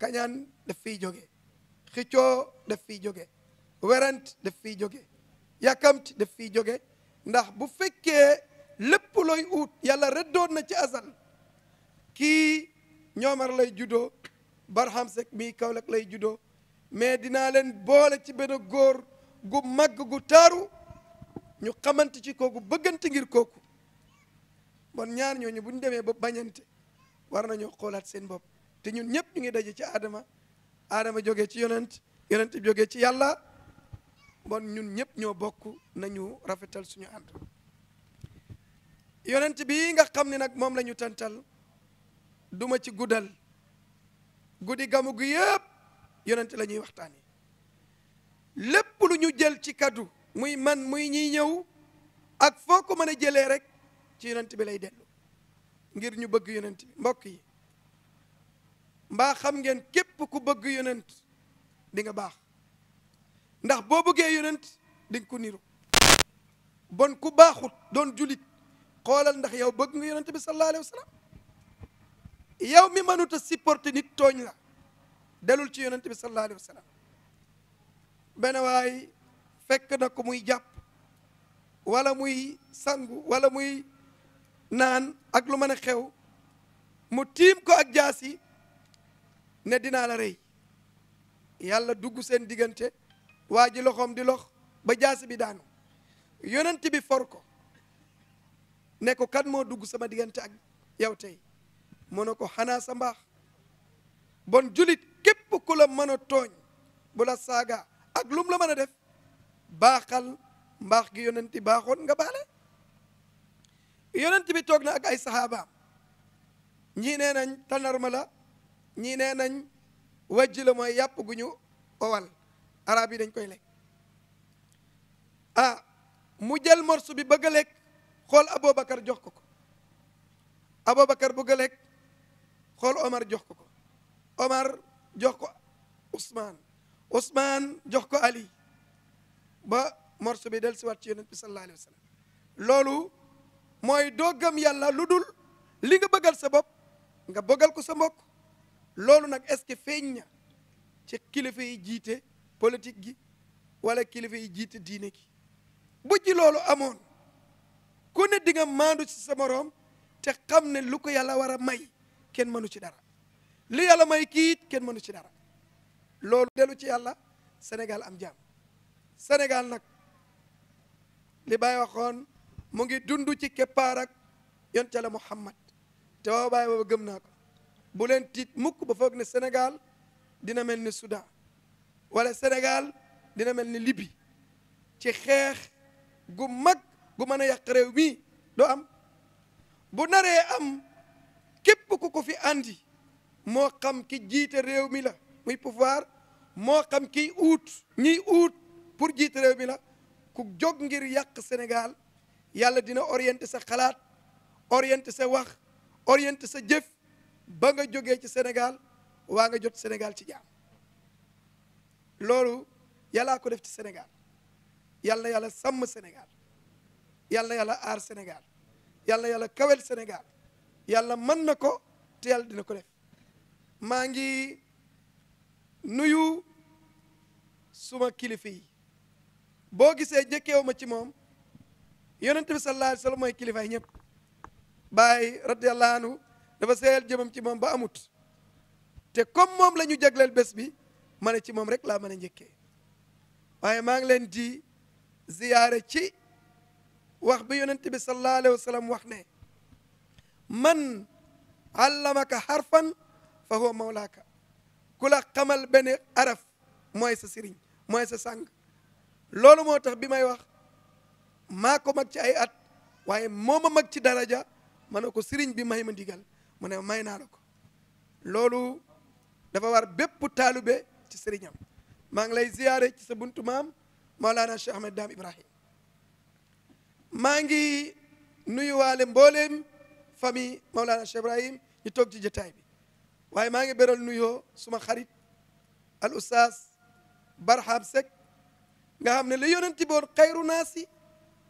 kañaan daf joge jóge xicoo daf fiy jóge werant daf fiy jóge yàkkamti daf fiy jóge ndax bu fekkee lépp looy uut yàlla rëddoon na ci asal kii ñoomar lay juddoo Barham Seck mii Kaolack lay juddoo mais dinaa leen boole ci benn góor gu màgg gu taaru ñu xamante ci kooku bëggante ngir kooku bon ñaar ñooñu bu ñu demee ba bañante war nañoo xoolaat seen bopp te ñun ñëpp ñu ngi daje ci aadama aadama jógee ci yonent yonent bi jógee ci yàlla bon ñun ñëpp ñoo bokk nañu rafetal suñu ànd yonent bi nga xam ne nag moom la ñu tantal duma ci guddal guddi gamu gi yëpp yonent lañuy ñuy waxtaane lépp lu ñu jël ci kaddu muy man muy ñiy ñëw ak foo ko mën a jëlee rek ci yonent bi lay dellu ngir ñu bëgg yonent bi mbokk yi mbaa xam ngeen képp ku bëgg yonent dinga baax ndax boo bëggee yonent di nga ko niru bon ku baaxut doon julit xoolal ndax yow bëgg nga yonent bi sallallahu alayhi wa yow mi mënut a supporter nit tooñ la delul ci yonent bi sallallahu alayhi wa sallam benn waay fekk na ko muy jàpp wala muy sangu wala muy naan ak lu mën a xew mu tiim ko ak jaas yi ne dinaa la rey yàlla dugg seen diggante waa ji loxoom di lox ba jaasi bi daanu yonent bi for ko ne ko kan moo dugg sama diggante ak yow tey mu ne ko xanaa sa mbaax bon julit képp ku la mën a tooñ bu la saaga ak lum la mën a def baaxal mbaax gi yonenti baaxoon nga baale yonent bi toog na ak ay saxaabaam ñii nee nañ tanarma la ñii nee nañ wajj la mooy yàpp gu owal arab yi dañ koy lekk a ah, mu jël morsu bi bëgg lekk xool Aboubacar jox ko ko Aboubacar bëgg a lekk xool Omar jox ko ko Omar jox ko Ousmane Ousmane jox ko Ali ba morceau bi del siwaat ci yonent bi sallallahu alayhi wa loolu mooy doo gëm yàlla lu dul li nga bëggal sa bopp nga bëggal ko sa mbokk loolu nag est-ce que feeñ na ci kilifa yi jiite politique gi wala kilifa yi jiite diine gi bu ji loolu amoon ku ne dinga nga maandu ci sa moroom te xam ne lu ko yàlla war a may kenn mënu ci dara li yàlla may kiit kenn mënu ci dara loolu dellu ci yàlla senegal am jàmm Sénégal nag li Baye waxoon mu ngi dund ci keppaar ak yonent Yàlla Muhammad te waaw Baye booba gëm naa ko bu leen tiit mukk ba foog ne Sénégal dina mel ni Soudan wala Sénégal dina mel ni libi ci xeex gu mag gu mën a yàq réew mi doo am bu naree am képp ku ko fi andi moo xam ki jiite réew mi la muy pouvoir moo xam kiy uut ñiy uut pour jiite réew mi ku jóg ngir yàq Sénégal yàlla dina orienté sa xalaat orienté sa wax orienté sa jëf ba nga jógee ci Sénégal waa nga jot Sénégal ci jaam loolu yàllaa ko def ci Sénégal yàlla yàlla sàmm Sénégal yàlla yàlla aar Sénégal yàlla yàlla kawel Sénégal yàlla mën na ko te yàlla dina ko def maa ngi nuyu suma kilifa yi boo gisee njëkkeewu ma ci moom yonente bi sallallahu alayhi mooy kilifa yi ñëpp bàyyi radiallahu anhu dafa seeyal jëmam ci moom ba amut te comme moom la ñu jagleel bés bi ma ne ci moom rek laa mën a njëkkee waaye maa ngi leen di ziyaare ci wax bi yonente bi sallallahu alayhi wa sallam wax ne man allamaka harfan fa huwa mawlaaka ku la xamal araf mooy sa sëriñ mooy sa sàng loolu moo tax bi may wax maa ko mag ci ay at waaye mooma mag ci daraja ma ne ko sëriñ bi may ma ndigal mu ne may naa la ko loolu dafa war bépp taalube ci sëriñam maa ngi lay ziyaare ci sa buntu maam Maolana Cheikh Ahmed Dame Ibrahim maa ngi nuyuwaale mbooleem fami Maulana Cheikh Ibrahim ñu toog ci jataay bi waaye maa ngi beral nuyoo suma xarit al oustaz Barham Seck nga xam ne la yonent boon xayru naasi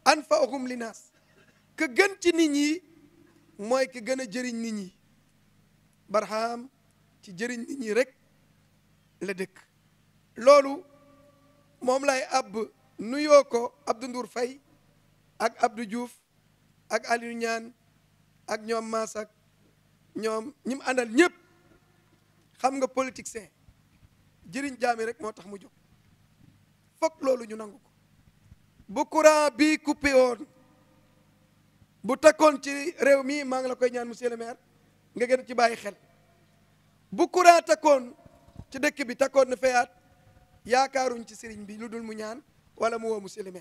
anfa'uhum li naas ka gën ci ni ñi mooy ka gën a jëriñ nit ñi Barham ci jëriñ nit ñi rek la dëkk loolu moom lay ab nuyoo ko Abdou Ndour fay ak Abdou juuf ak Aliou ñaan ak ñoom maasak ñoom ñi mu àndal ñëpp xam nga politicien jëriñ jaami rek moo tax mu jóg foog loolu ñu nangu ko bu courant bi coupé woon bu takkoon ci réew mii maa ngi la koy ñaan monsieur le nga gën ci bàyyi xel bu courant takkoon ci dëkk bi takkoon na feyaat yaakaaruñ ci sëriñ bi lu dul mu ñaan wala mu woo monsieur le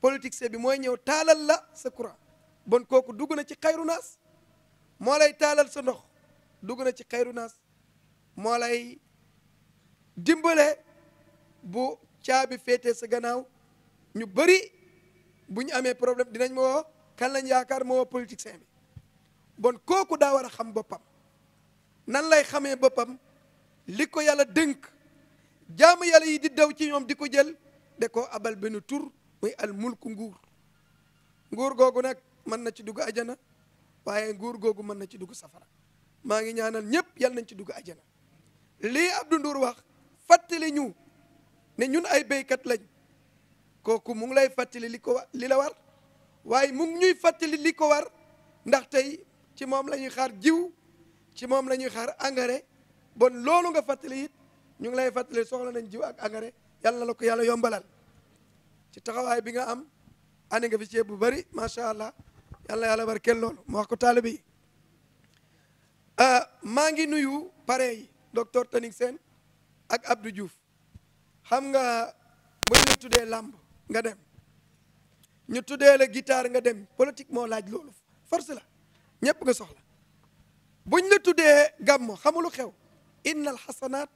politicien bi mooy ñëw taalal la sa courant bon kooku dugg na ci xayru naas moo lay taalal sa ndox dugg na ci xayru naas moo lay dimbale bu caabi féetee sa gannaaw ñu bëri bu ñu amee problème dinañ ma woo kan lañ yaakaar ma woo politicien bi bon kooku daa war a xam boppam nan lay xamee boppam li ko yàlla dënk jaamu yàlla yi di daw ci ñoom di ko jël de ko abal benn tur muy al nguur nguur googu nag mën na ci dugg ajana waaye nguur googu mën na ci dugg safara maa ngi ñaanal ñëpp yal nañ ci dugg ajana lii Abdou Ndour wax fàttali ñu ne ñun ay béykat lañ kooku mu ngi lay fàttali li ko li la war waaye mu ñuy fàttali li ko war ndax tey ci moom la ñuy xaar jiw ci moom la ñuy xaar engrais bon loolu nga fàttali it ñu ngi lay fàttali soxla nañ jiw ak engrais yàlla na la ko yàlla yombalal ci taxawaay bi nga am ane nga fi ceeb bu bari macha allah. yàlla yàlla barkeel loolu mu wax ko taalibe yi ah, maa ngi nuyu pare yi docteur Tanig Sène ak abdu Diouf xam nga bu ñu tuddee làmb nga dem ñu tuddee la gitaar nga dem politique moo laaj loolu force la ñëpp nga soxla buñ la tuddee gàmmo xamulu xew innal xasanaat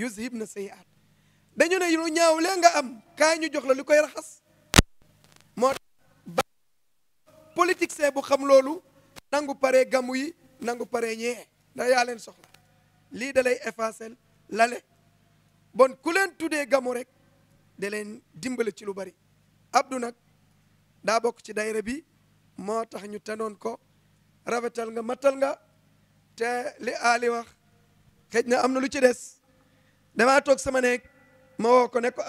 yuzhibna sayiat dañu ne lu ñaaw lee nga am kaa ñu jox la lu koy raxas politicien bu xam loolu nangu pare gamu yi nangu pare ñee ndax yaa soxla lii da lay effacer lale bon ku leen tuddee gamu rek da leen dimbale ci lu bari abdu nag daa bokk ci dayra bi moo tax ñu tanoon ko rafetal nga matal nga te li Ali wax xëj na am na lu ci des damaa toog sama nekk ma woo ko ne ko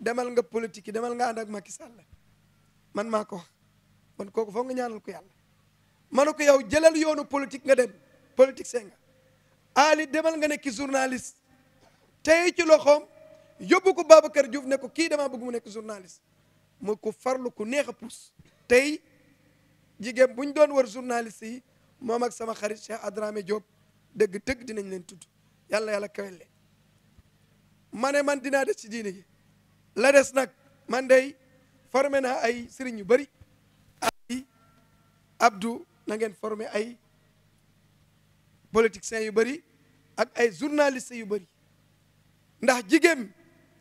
demal nga politique yi demal nga ànd ak Macky Sall man maa ko man kooku foog nga ñaanal ko yàlla ma ne ko yow jëlal yoonu politique nga dem politique see nga Ali demal nga nekk journaliste tey ci loxoom yóbbu ko Babacar Diouf ne ko kii damaa bëgg mu nekk journaliste mu ko farlu ku neex a puus tey jigéen bu ñu doon war journaliste yi moom ak sama xarit Cheikh Adramé Diop dëgg dëgg dinañ leen tudd yàlla yàlla kawel leen man dinaa des ci diine gi la des nag man day formé naa ay sëriñ yu bëri Abdou na ngeen former ay politiciens yu bari ak ay journalistes yu bari ndax jigéen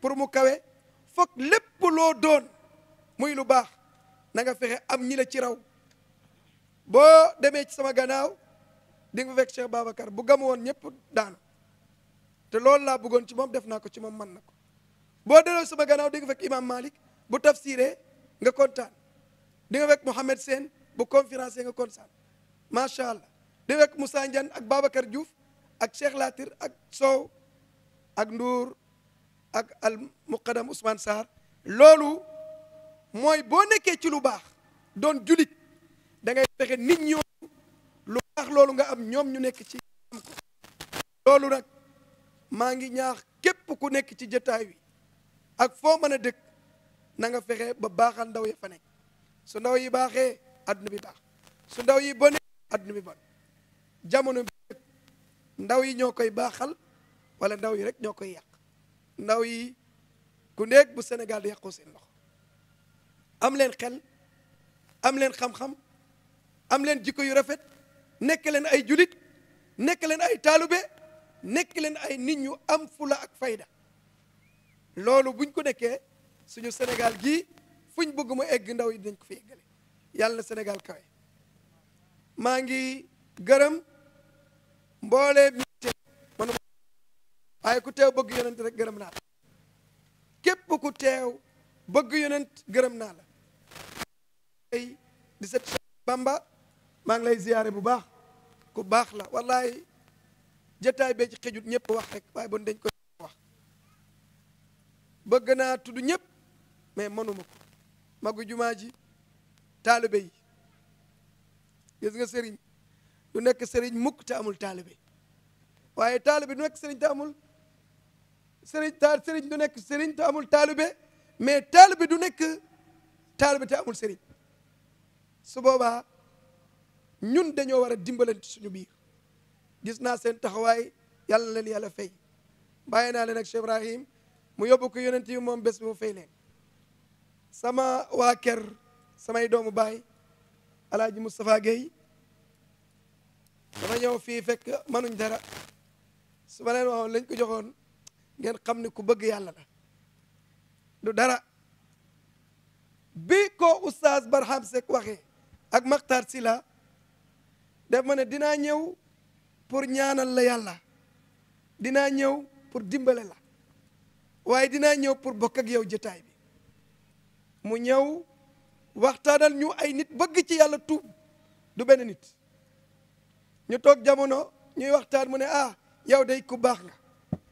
pour mu kawe foog lépp loo doon muy lu baax na nga fexe am ñi la ci raw boo demee ci sama gannaaw di nga fekk Cheikh Babacar bu gamu woon ñëpp daanu te loolu laa bëggoon ci moom def naa ko ci moom man na ko boo delloo sama gannaaw di nga fekk Imam Malik bu tafsiree nga kontaan di nga fekk Mohamed Sène bu conférence nga kon kontaan macha allah di wekk Moussa Ndiane ak Babacar Diouf ak Cheikh Latir ak soow ak Ndour ak al muqadam Ousmane Sarr loolu mooy boo nekkee ci lu baax doon julit da ngay fexe nit ñoo lu baax loolu nga am ñoom ñu nekk ci loolu nag maa ngi ñaax képp ku nekk ci jataay wi ak foo mën a dëkk na nga fexe ba baaxal ndaw ya fa nekk ndaw yi baaxee adduna bi baax su ndaw yi bone adduna bi bon jamono bi ndaw yi ñoo koy baaxal walla ndaw yi rek ñoo koy yàq ndaw yi ku nekk bu Sénégal di seen loxo am leen xel am leen xam-xam am leen jikko yu rafet nekk leen ay julit nekk leen ay taalube nekk leen ay nit ñu am fula ak fayda loolu buñ ko nekkee suñu Sénégal gii fuñ bëgg mu egg ndaw yi dinañ ko fi eggale yàlla na Sénégal kawe maa ngi gërëm mboole bi teew manuma waaye ku teew bëgg yonent rek gërëm naa la képp ku teew bëgg yonent gërëm naa la ay di bamba maa ngi lay ziyaare bu baax ku baax la wallaay jataay bee ci xejut ñëpp wax rek waaye bon dañ ko wax bëgg naa tudd ñëpp mais mënuma ko magu taalibe yi gis nga sëriñ du nekk sëriñ mukk te amul taalibe waaye taalibe du nekk sëriñ te amul sëriñ ta sëriñ du nekk sëriñ te amul taalibe mais taalibe du nekk taalibe te amul sëriñ su boobaa ñun dañoo war a dimbalante suñu biir gis naa seen taxawaay yàlla leen yàlla fay bàyyi naa leen ak Cheikh Ibrahim mu yóbbu ko yonent yi moom bes bi mu fay leen sama waa ker samay doomu baay alaaji Moustapha Guèye dama ñëw fii fekk manuñ dara su ma leen waxoon lañ ko joxoon ngeen xam ne ku bëgg yàlla la du dara bi ko oustaz Barham Seck waxee ak Makhtar Sila def ma ne dinaa ñëw pour ñaanal la yàlla dinaa ñëw pour dimbale la waaye dinaa ñëw pour bokk ak yow jotaay bi mu ñëw waxtaanal ñu ay nit bëgg ci yàlla tuub du benn nit ñu toog jamono ñuy waxtaan mu ne ah yow day ku baax la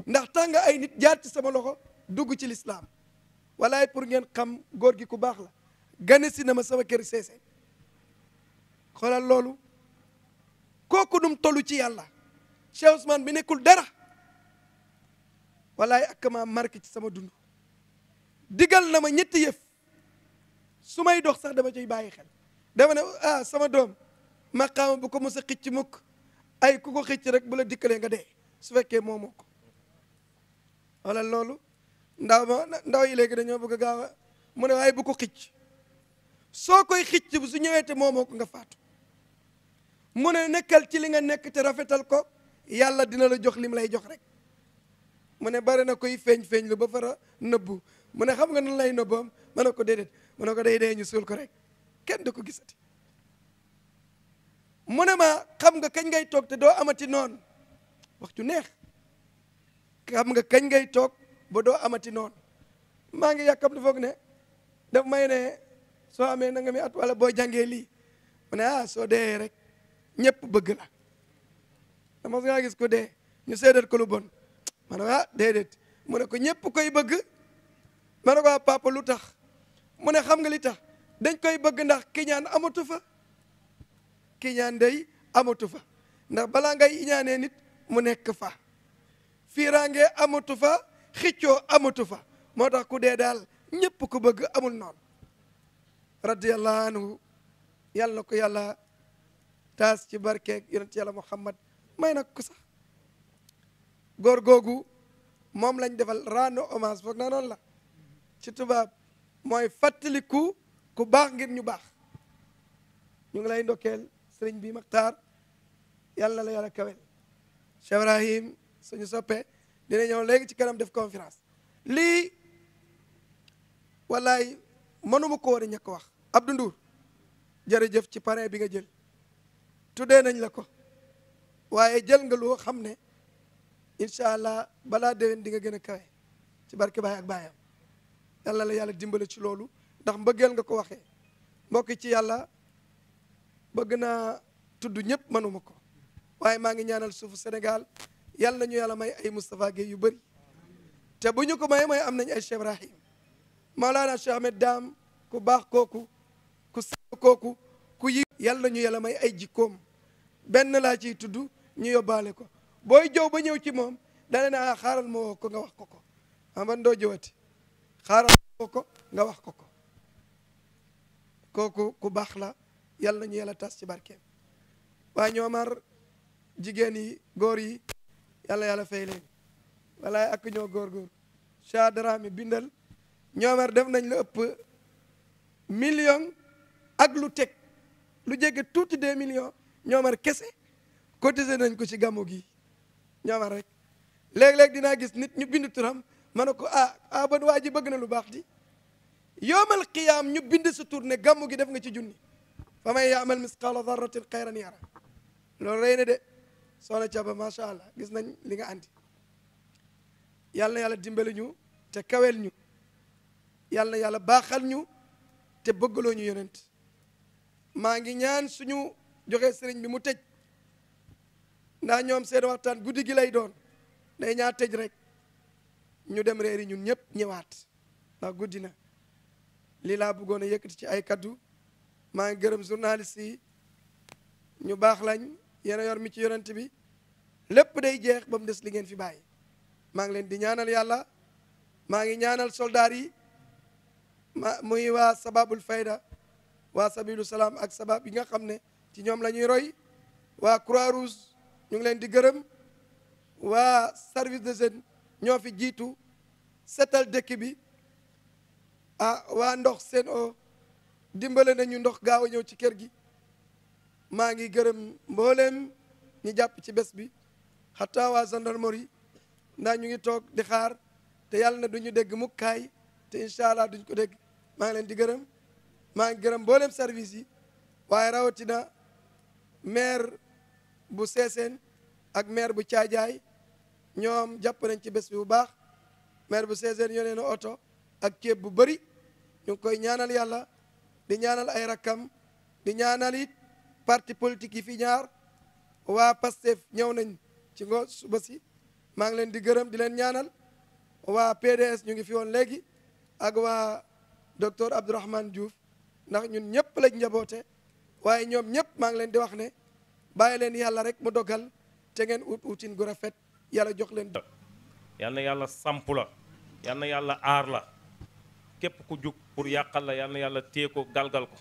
ndax tax ay nit jaar ci sama loxo dugg ci lislaam walaay pour ngeen xam góor gi ku baax la gane si na ma sama kër seese xoolal loolu kooku num tollu ci yàlla Cheikh bi nekkul dara walaay ak ma ci sama dund digal na ma ñetti yëf su may dox sax dama ciy bàyyi xel dama ne ah sama doom maqaama bu ko mos a xicc mukk ay ku ko xicc rek bu la dikkalee nga dee su fekkee moo moo ko wala loolu ndaw ma ndaw yi léegi dañoo bëgg gaaw a mu ne ay bu ko xicc soo koy xicc bu su ñëwee te moo moo ko nga faatu mu ne nekkal ci li nga nekk te rafetal ko yàlla dina la jox lim lay jox rek mu ne bari na koy feeñ feeñ lu ba fara nëbbu mu ne xam nga nan lay nëbboom ma ne ko déedéet mu ne ko day dee ñu suul ko rek kenn du ko gisati mu ne ma xam nga kañ ngay toog te doo amati noonu wax ju neex xam nga kañ ngay toog ba doo amati noonu maa ngi yàkkam lu foog ne daf may ne soo amee nanga mi at wala boo jàngee lii mu ah soo dee rek ñëpp bëgg la dama nga gis ko dee ñu seedal ko lu bon ma ne ah déedéet mu ne ko ñëpp koy bëgg ma ko ah papa lu tax mu ne xam nga li tax dañ koy bëgg ndax kiñaan amatu fa kiñaan day amatu fa ndax balaa ngay iñaanee nit mu nekk fa fiiraange amatu fa xiccoo amatu fa moo tax ku dee daal ñëpp ku bëgg amul noonu radiyallahu anhu yàlla na ko yàlla taas ci barkeeg yonent yàlla muhammad may na ko sax góor googu moom lañ defal rendre hommage foog na noonu la ci tubaab mooy fàttaliku ku baax ngir ñu baax ñu ngi lay ndokkeel bii bi Maxtaar yàlla la yàlla kawel Cheikh Ibrahim suñu soppe dina ñëw léegi ci kanam def conférence lii wallaay mënuma ko war a wax Abdou Ndour jërëjëf ci parrain bi nga jël tuddee nañ la ko waaye jël nga loo xam ne incha allah balaa déwén di nga gën a kawe ci barke baay ak baayam yàlla la yàlla dimbale ci loolu ndax mbëggeel nga ko waxee mbokk ci yàlla bëgg naa tudd ñëpp mënuma ko waaye maa ngi ñaanal suufu senegal yàlla nañu yàlla may ay Moustapha Guèye yu bari te bu ñu ko may may am nañu ay Cheikh Ibrahim Maolana Cheikh Ahmed Dame ku baax kooku ku sell kooku ku yi yàlla nañu yàlla may ay jikkoom benn laa ciy tudd ñu yóbbaale ko booy jow ba ñëw ci moom dana ne ah, xaaral ma woo ko nga wax ko ko aman doo jëwati xaaral ko ko nga wax ko ko kooku ku baax la yàlla ñu yàlla tas ci barkeem waa ñoomar jigéen yi góor yi yàlla yàlla fay leen walaay ak ñoo góor-góor Cheikh bindal ñoomar def nañ la ëpp million ak lu teg lu jege tuuti deux million ñoomar kese cotisé nañ ko ci gàmmu gi ñoomar rek léeg-léeg dinaa gis nit ñu bind turam ma ne ko ah ah ban waa ji bëgg na lu baax di yowmal qiyaam ñu bind sa tur ne gi def nga ci junni fa man yaamal misqaala darratin xayran yara loolu rëy na de soxna Thiaba macha allah gis nañ li nga andi yàlla na yàlla dimbali ñu te kawel ñu yàlla na yàlla baaxal ñu te bëggaloo ñu yonent maa ngi ñaan suñu joxe sëriñ bi mu tëj na ñoom seen waxtaan guddi gi lay doon day ñaa tëj rek ñu dem reeri ñun ñëpp ñëwaat ndax guddi na lii laa bëggoon a yëkkati ci ay kaddu maa ngi gërëm journaliste yi ñu baax lañ yéen a yor mi ci yonent bi lépp day jeex ba mu des li ngeen fi bàyyi maa ngi leen di ñaanal yàlla maa ngi ñaanal soldaar yi ma muy waa sababul fayda waa sabilu salaam ak sabab yi nga xam ne ci ñoom la ñuy roy waa croix rouge ñu ngi leen di gërëm waa service de jeunes ñoo fi setal dëkk bi a ah, waa ndox seen o dimbale nañu ndox gaaw a ñëw ci kër gi maa ngi gërëm mboolem ñi jàpp ci bés bi xataa waa gendarmerie ñu ngi toog di xaar te yàlla na duñu dégg mukkaay te incha allah duñ ko dégg maa ngi leen di gërëm maa ngi gërëm mboolem service yi waaye rawatina maire bu sesen ak maire bu caajaay ñoom jàpp nañ ci bés bi bu baax maire bu Césaire yónnee na oto ak ceeb bu bëri ñu ngi koy ñaanal yàlla di ñaanal ay rakkam di ñaanal it parti politique yi fi ñaar waa Pastef ñëw nañ ci ngo suba si maa ngi leen di gërëm di leen ñaanal waa PDS ñu ngi fi woon léegi ak waa docteur Abdourahmane Diouf ndax ñun ñëpp lañ njaboote waaye ñoom ñëpp maa ngi leen di wax ne bàyyi leen yàlla rek mu dogal te ngeen ut utin gu rafet yàlla jox leen. yàlla yàlla samp yal na yàlla aar la képp ku jug pour yàqal la yal yàlla téye ko galgal ko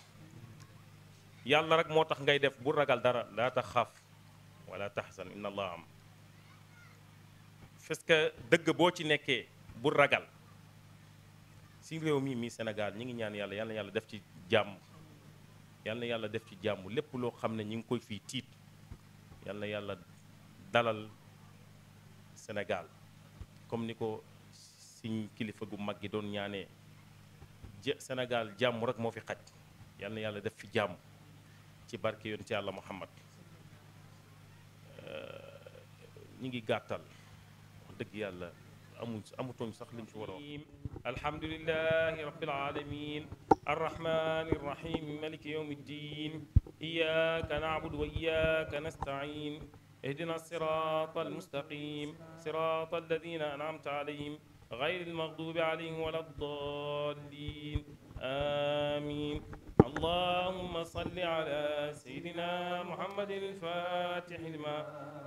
yàlla rek moo tax ngay def bu ragal dara laa tax xaaf wala taxsan inna allah am parce que dëgg boo ci nekkee bu ragal si réew mii mii Sénégal ñi ngi ñaan yàlla yal yàlla def ci jàmm yal yàlla def ci jàmm lépp loo xam ne ñi ngi koy fii tiit yal na yàlla dalal Sénégal comme ni ko siñ kilifa gu mag gi doon ñaanee jë Sénégal jàmm rek moo fi xaj yal na yàlla def fi jàmm ci barke yoon ci yàlla Muhammad ñi ngi gàttal wax dëgg yàlla amul amutoon sax liñ ci war a wax alhamdulilahi rabbil alamin arrahmani irrahim maliki yawmi ddin iyaka naabudu wa iyaka nastain اهدنا الصراط المستقيم صراط الذين أنعمت عليهم غير المغضوب عليهم ولا الضالين آمين اللهم صل على سيدنا محمد الفاتح لما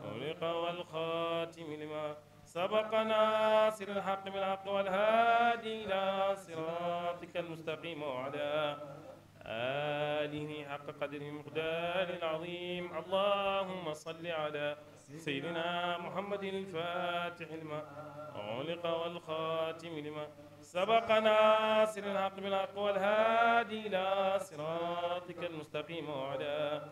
أغلق والخاتم لما سبق ناصر الحق بالحق والهادي إلى صراطك المستقيم وعلى آله حق قدره المقدار العظيم اللهم صل على سيدنا محمد الفاتح لما أغلق والخاتم لما سبق ناصر الحق بالحق والهادي إلى صراطك المستقيم وعلى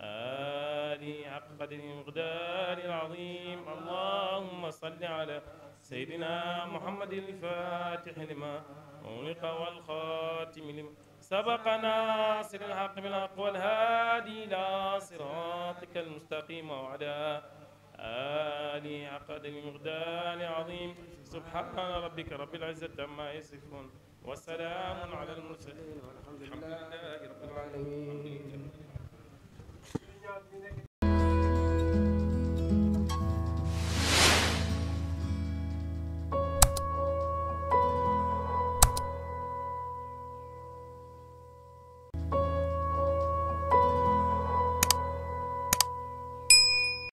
آله حق قدره المقدار العظيم اللهم صل على سيدنا محمد الفاتح لما أغلق والخاتم لما سبق ناصر الحق بالحق والهادي إلى صراطك المستقيم وعلى آلي عقد المغدال العظيم سبحان ربك رب العزة عما يصفون وسلام على المرسلين والحمد لله رب العالمين